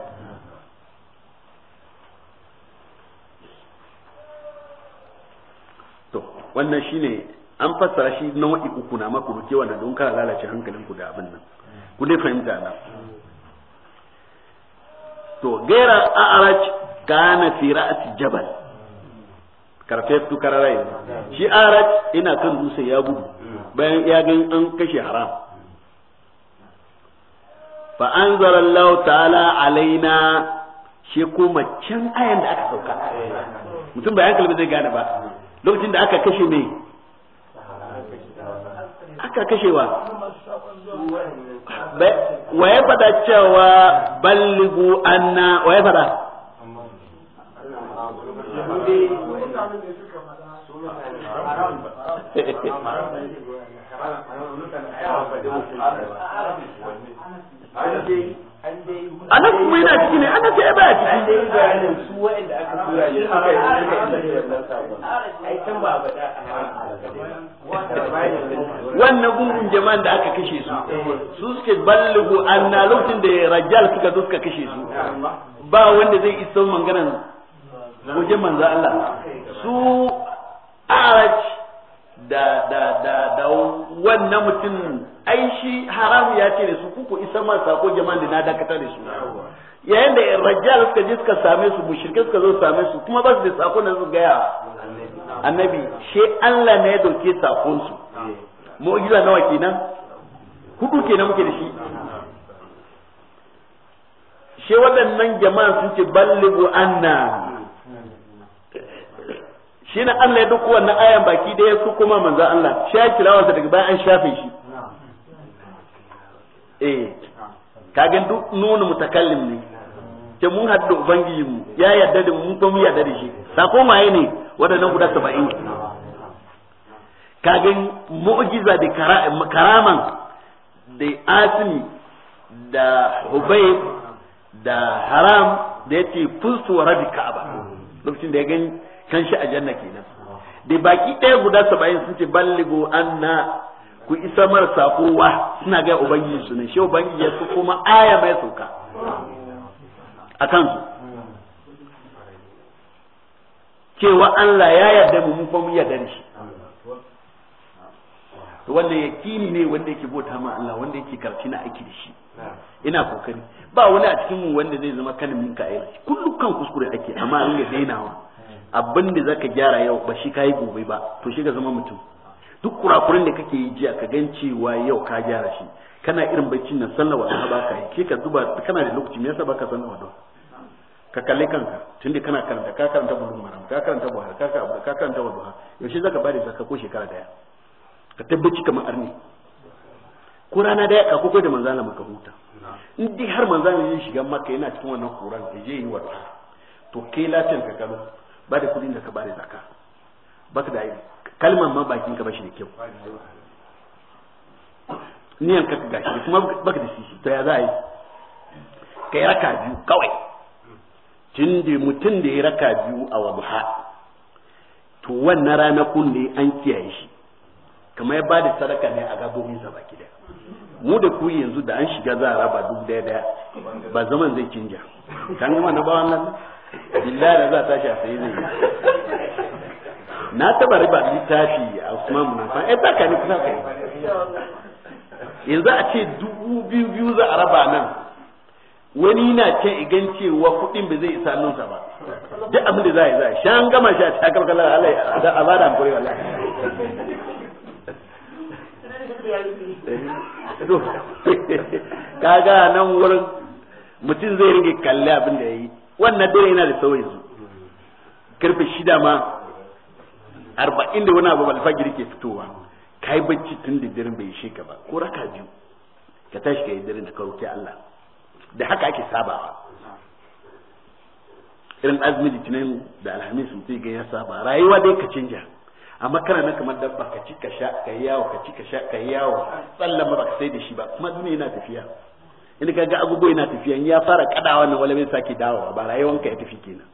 to wannan shine an fassara shi nau'i uku na maku ruke wanda don kana lalace hankalin ku da abin nan ku dai fahimta na to a a'raj kana fi ra'si jabal karfe su kararai shi a'raj ina kan dutse ya gudu bayan ya ga an kashe haram fa anzalallahu ta'ala alaina shi kuma can ayan da aka sauka mutum bayan kalbi zai gane ba lokacin da aka kashe ne. aka kashe wa ya fada cewa balligu anna wa ya fada anan kuma yana ciki ne anan sai baya ciki an ga bayanin su wa'anda aka tura ne suka yi suka yi wannan ai can ba ba da wannan gungun jama'an da aka kashe su su suke ballugu anna lokacin da rajal suka zo suka kashe su ba wanda zai isa manganan wajen manzo Allah su arach da da da da wannan mutum ai shi haramu ya ce da su kuku isa ma sako jama'an da na dakata da su yayin da rajal suka ji suka same su mushrike suka zo same su kuma ba su da sako na su gaya annabi she Allah ne ya dauke sakon su mu'jiza nawa kenan hudu kenan muke da shi she waɗannan jama'a sun ce ballibu anna shi ne Allah ya duk wannan ayan baki da ya su kuma manzo Allah sha kilawansa daga bayan an shafe shi eh ga duk nunu mutakallim ne ke mun haddu ubangiji mu ya yarda da mu kuma mu da shi sako maye ne wadannan guda 70 ga mu'jiza da karaman da asimi da hubay da haram da yake fusu wa ba. lokacin da ya gani kan shi janna kenan da baki ɗaya guda saba'in sun ce balligo anna ku isa mar sakowa suna gaya ubangiji su ne shi ubangiji ya kuma aya mai sauka a kansu cewa Allah ya yarda mu mun fa mu yarda da shi to wannan yakini ne wanda yake bauta ma Allah wanda yake karfi na aiki da shi ina kokari ba wani a cikin mu wanda zai zama kalmin ka aiki kullukan kuskure ake amma an ga dainawa abin da zaka gyara yau ba shi kai gobe ba to shi ka zama mutum duk kurakurin da kake yi jiya ka gan cewa yau ka gyara shi kana irin baccin nan sallah wata ba ka yi ke ka zuba kana da lokaci me yasa baka wa don ka kalle kanka tunda kana karanta ka karanta bulugh maram ka karanta buhari ka karanta ka karanta wadha yaushe zaka bari zaka ko shekara daya ka tabbaci kamar arni ko rana daya ka koko da manzala maka huta in dai har manzala ya shiga maka yana cikin wannan kuran da je yi wa to kai latin ka gano ba da kudin da ka bada zaka baka da aibi kalmar ma bakin ka bashi da kyau niyan ka gashi kuma baka da shi to ya za a yi kai raka biyu kawai tun da mutum da ya raka biyu a wabuha to wannan ranakun ne an kiyaye shi kamar ya bada sadaka ne a gabobin sa baki daya mu da ku yanzu da an shiga za a raba duk daya daya ba zaman zai canja kan gama na bawan nan billahi da za ta tashi a sai zai na taba riba littafi a Usman Munafan eh ta kani kusa kai yanzu a ce dubu biyu biyu za a raba nan wani na ce igan cewa kuɗin ba zai isa nunsa ba duk abin da za a yi za a shan gama shi a cikin kalkalar da a bada da hankuri wallahi kaga nan wurin mutum zai rage kalli abin da ya yi wannan dare yana da sauri yanzu karfe shida ma arba'in da wani abu alfajiri ke fitowa ka yi bacci tun da daren bai ishe ka ba ko raka biyu ka tashi ka yi daren da karoke Allah da haka ake sabawa irin azumi litinin da alhamis mutum ga ya saba rayuwa dai ka canja amma kana na kamar dabba ka ci ka sha ka yi yawo ka ci ka sha ka yi yawo tsallan ba ka sai da shi ba kuma duniya yana tafiya in ka ga agogo yana tafiya ya fara kadawa na wala bai sake dawowa ba rayuwanka ya tafi kenan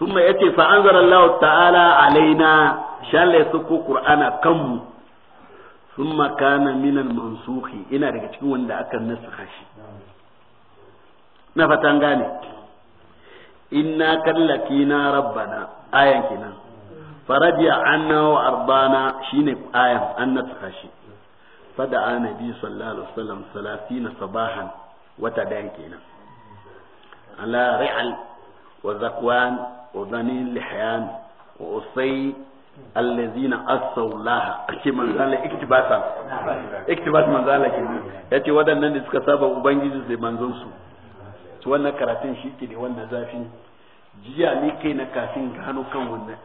ثم يأتي فأنزل الله تعالى su ku يسكو kanmu كم ثم كان من المنسوخ ina daga cikin wanda aka nasaha shi na fatan gane inna kallakina rabbana ayan kenan فرجع عنا وأرضانا شيني آية أن نتخشي فدعا النبي صلى الله عليه وسلم ثلاثين صباحا وتدانكينا على رعل وزكوان وذنين لحيان وأصي الذين أصوا الله أشي من ذلك اكتباسا اكتباس من ذلك يأتي ودن نندس كسابة وبنجيز لمنزنسو wannan karatun shi ke da wannan zafin jiya ni kai na kafin gano kan wannan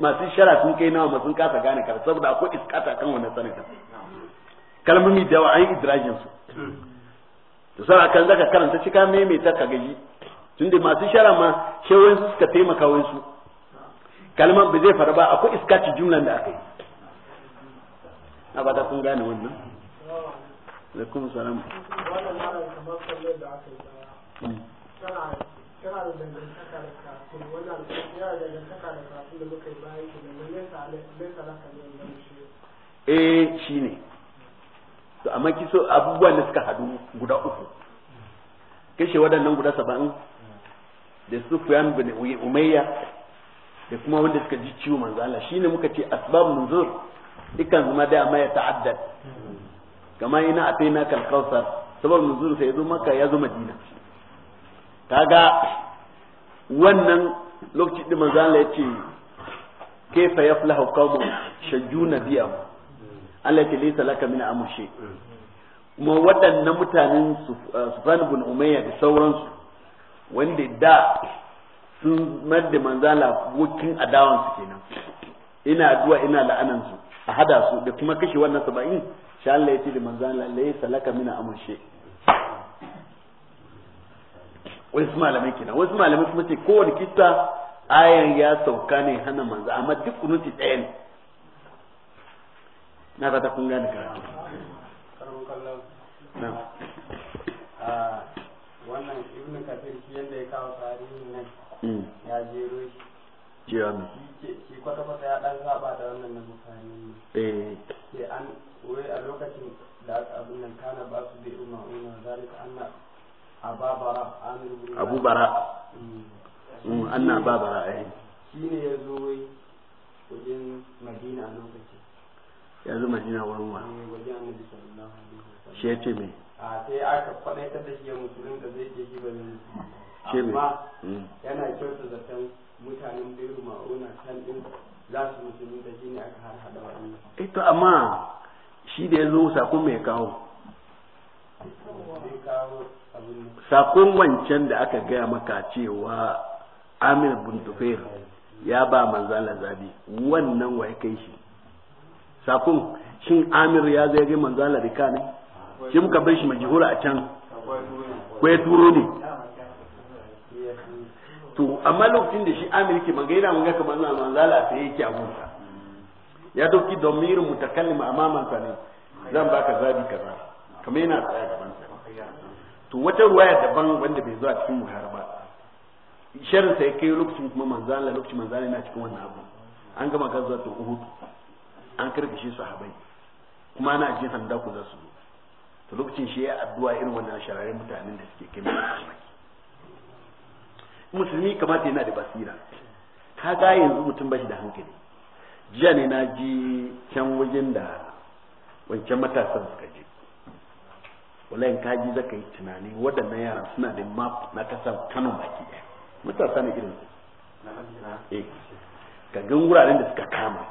masu shara sun kai nawa masu kasa gane kar saboda akwai iskata kan wannan sanata kalmomi da yawa an yi idrajin su to sai akan zaka karanta cika maimaita ka gaji tunda masu shara ma shewayen su suka taimaka wayan su kalmar ba zai faru ba akwai iskaci jumlan da aka yi na ba kun gane wannan alaikum salam wannan kamar da aka yi hmm. kana da dangantaka da eh shi ne to amma kiso abubuwan da suka hadu guda uku kashe waɗannan guda saba'in da sufiyan bin umayya da kuma wanda suka ji ciwo manzo Allah shine muka ce asbab munzur dukkan zuma da amma ya ta'addad kama ina ataina kal kausar sabab munzur sai yazo maka ya zo madina kaga wannan lokaci da manzo Allah ya ce kayfa yaflahu qawmun shajjuna biya Allah ya ce laysa laka min amushi kuma waɗannan mutanen eh, Sufyan ibn Umayya da sauransu wanda da sun madda Allah wukin adawan su kenan ina addu'a ina la'anan su a hada su da kuma kashe wannan 70 sha Allah ya ce da Allah laysa laka min amushi wasu malamai kenan wasu malamai kuma ce kowane kissa ayan ya sauka ne hana manzo amma duk kunuti ɗaya ne na fata kun gane karatu wannan ibn kafir shi yanda ya kawo tarihin nan mm. ya jero shi cewa shi kwata kwata ya dan saba da wannan na mutane eh sai an wai a lokacin da abin nan kana ba su bi umma umma zalika anna abu bara mm, anna ba bara eh. shi ne ya zo wai wajen madina a lokacin ya zo madina wurin wa eh, shi ya ce me a sai aka faɗaitar da shi ya musulun da zai je shi ba zai amma mm. yana kyauta zaton mutanen biru ma'auna can din za su musulun da shi ne aka har hada wa'annan. ito eh, amma shi da ya zo sakon mai kawo sakon wancan da aka gaya maka cewa amir bin tufair ya ba manzala lazabi wannan wa kai shi sakon shin amir ya zai ga manzala rika ne shi muka bar shi majihura a can kwaya turo ne to amma lokacin da shi amir ke magaina mun ga kamar manzala sai yake a wuta ya doki domirin mutakallima amaman sa ne zan baka zabi kaza kamar yana tsaya gaban to wata ruwaya daban wanda bai zo a cikin buhari ba sharin sai kai lokacin kuma manzala lokacin manzala yana cikin wannan abu an gama gazuwa ta uhud an karkashe sahabai kuma ana jin handa ku za su zo to lokacin shi ya addu'a irin wannan shararin mutanen da suke kai musulmi kamata yana da basira ka ga yanzu mutum bashi da hankali jiya ne na ji can wajen da wancan matasan suka je wala ka ji zaka yi tunani waɗannan yara suna da map na kasar Kano baki ɗaya matasa ne irin eh, ka ga wuraren da suka kama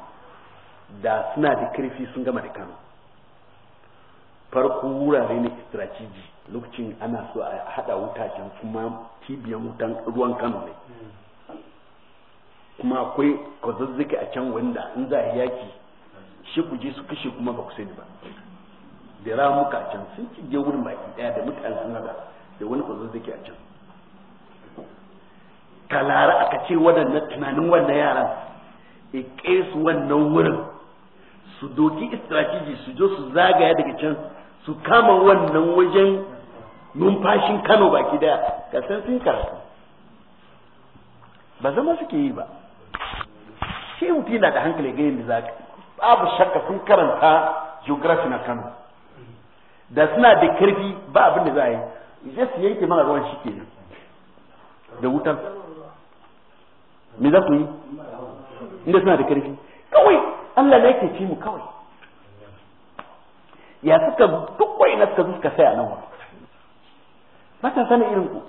da suna da karfi sun gama da Kano farko wurare ne strategy lokacin ana so a hada wuta can kuma cibiyar wutan ruwan Kano ne kuma akwai kwazazzaki a can wanda in za a yaki shi ku je su kashe kuma ba ku sani ba da ramuka can sun cije wurin baki daya da mutane sun hada da wani kwazo zake a can ka lara aka ce waɗannan tunanin wannan yaran ike su wannan wurin su doki strategy su jo su zagaya daga can su kama wannan wajen numfashin kano baki daya ka san sun karatu ba zama suke yi ba shi mutum na da hankali ga yin da zaka babu shakka sun karanta geography na kano da suna da karfi ba abin da za a yi zai su yanke mana ruwan shi kenan da wutan me za ku yi inda suna da karfi kawai Allah ne yake ci mu kawai ya suka duk na suka suka saya nan wa mata sani irin ku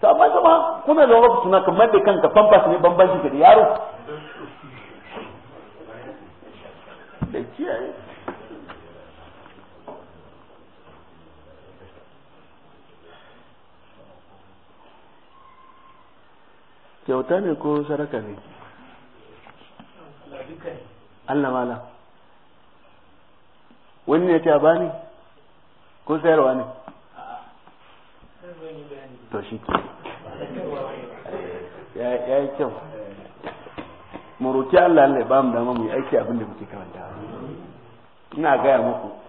to amma zama kuna da wasu suna kamar da kanka pampas ne bambanci ka da yaro kyauta ne ko saraka ne Allah mala wani ne ta bani ko sayarwa ne to shi ke ya yi kyau mu roki Allah Allah ya ba mu dama mu yi aiki abin da muke karanta ina gaya muku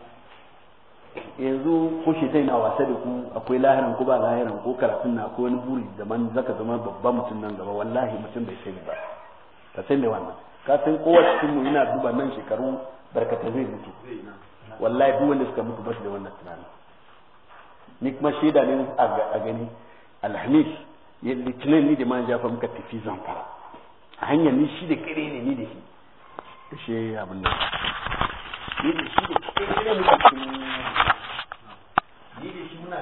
yanzu ko shaitan na wasa da ku akwai lahirin ku ba lahirin ko karatun na ko wani buri da man zaka zama babban mutum nan gaba wallahi mutum bai sai ba ka san ne wannan ka san kowa cikin mu yana duba nan shekaru barkata zai mutu wallahi duk wanda suka mutu ba su da wannan tunani ni kuma shaida ne a gani alhamis ya litinin ni da man jafa muka tafi zamfara a hanyar ni shi da kare ne ni da shi da shi abin nan ni da shi da cikin ni da shi muna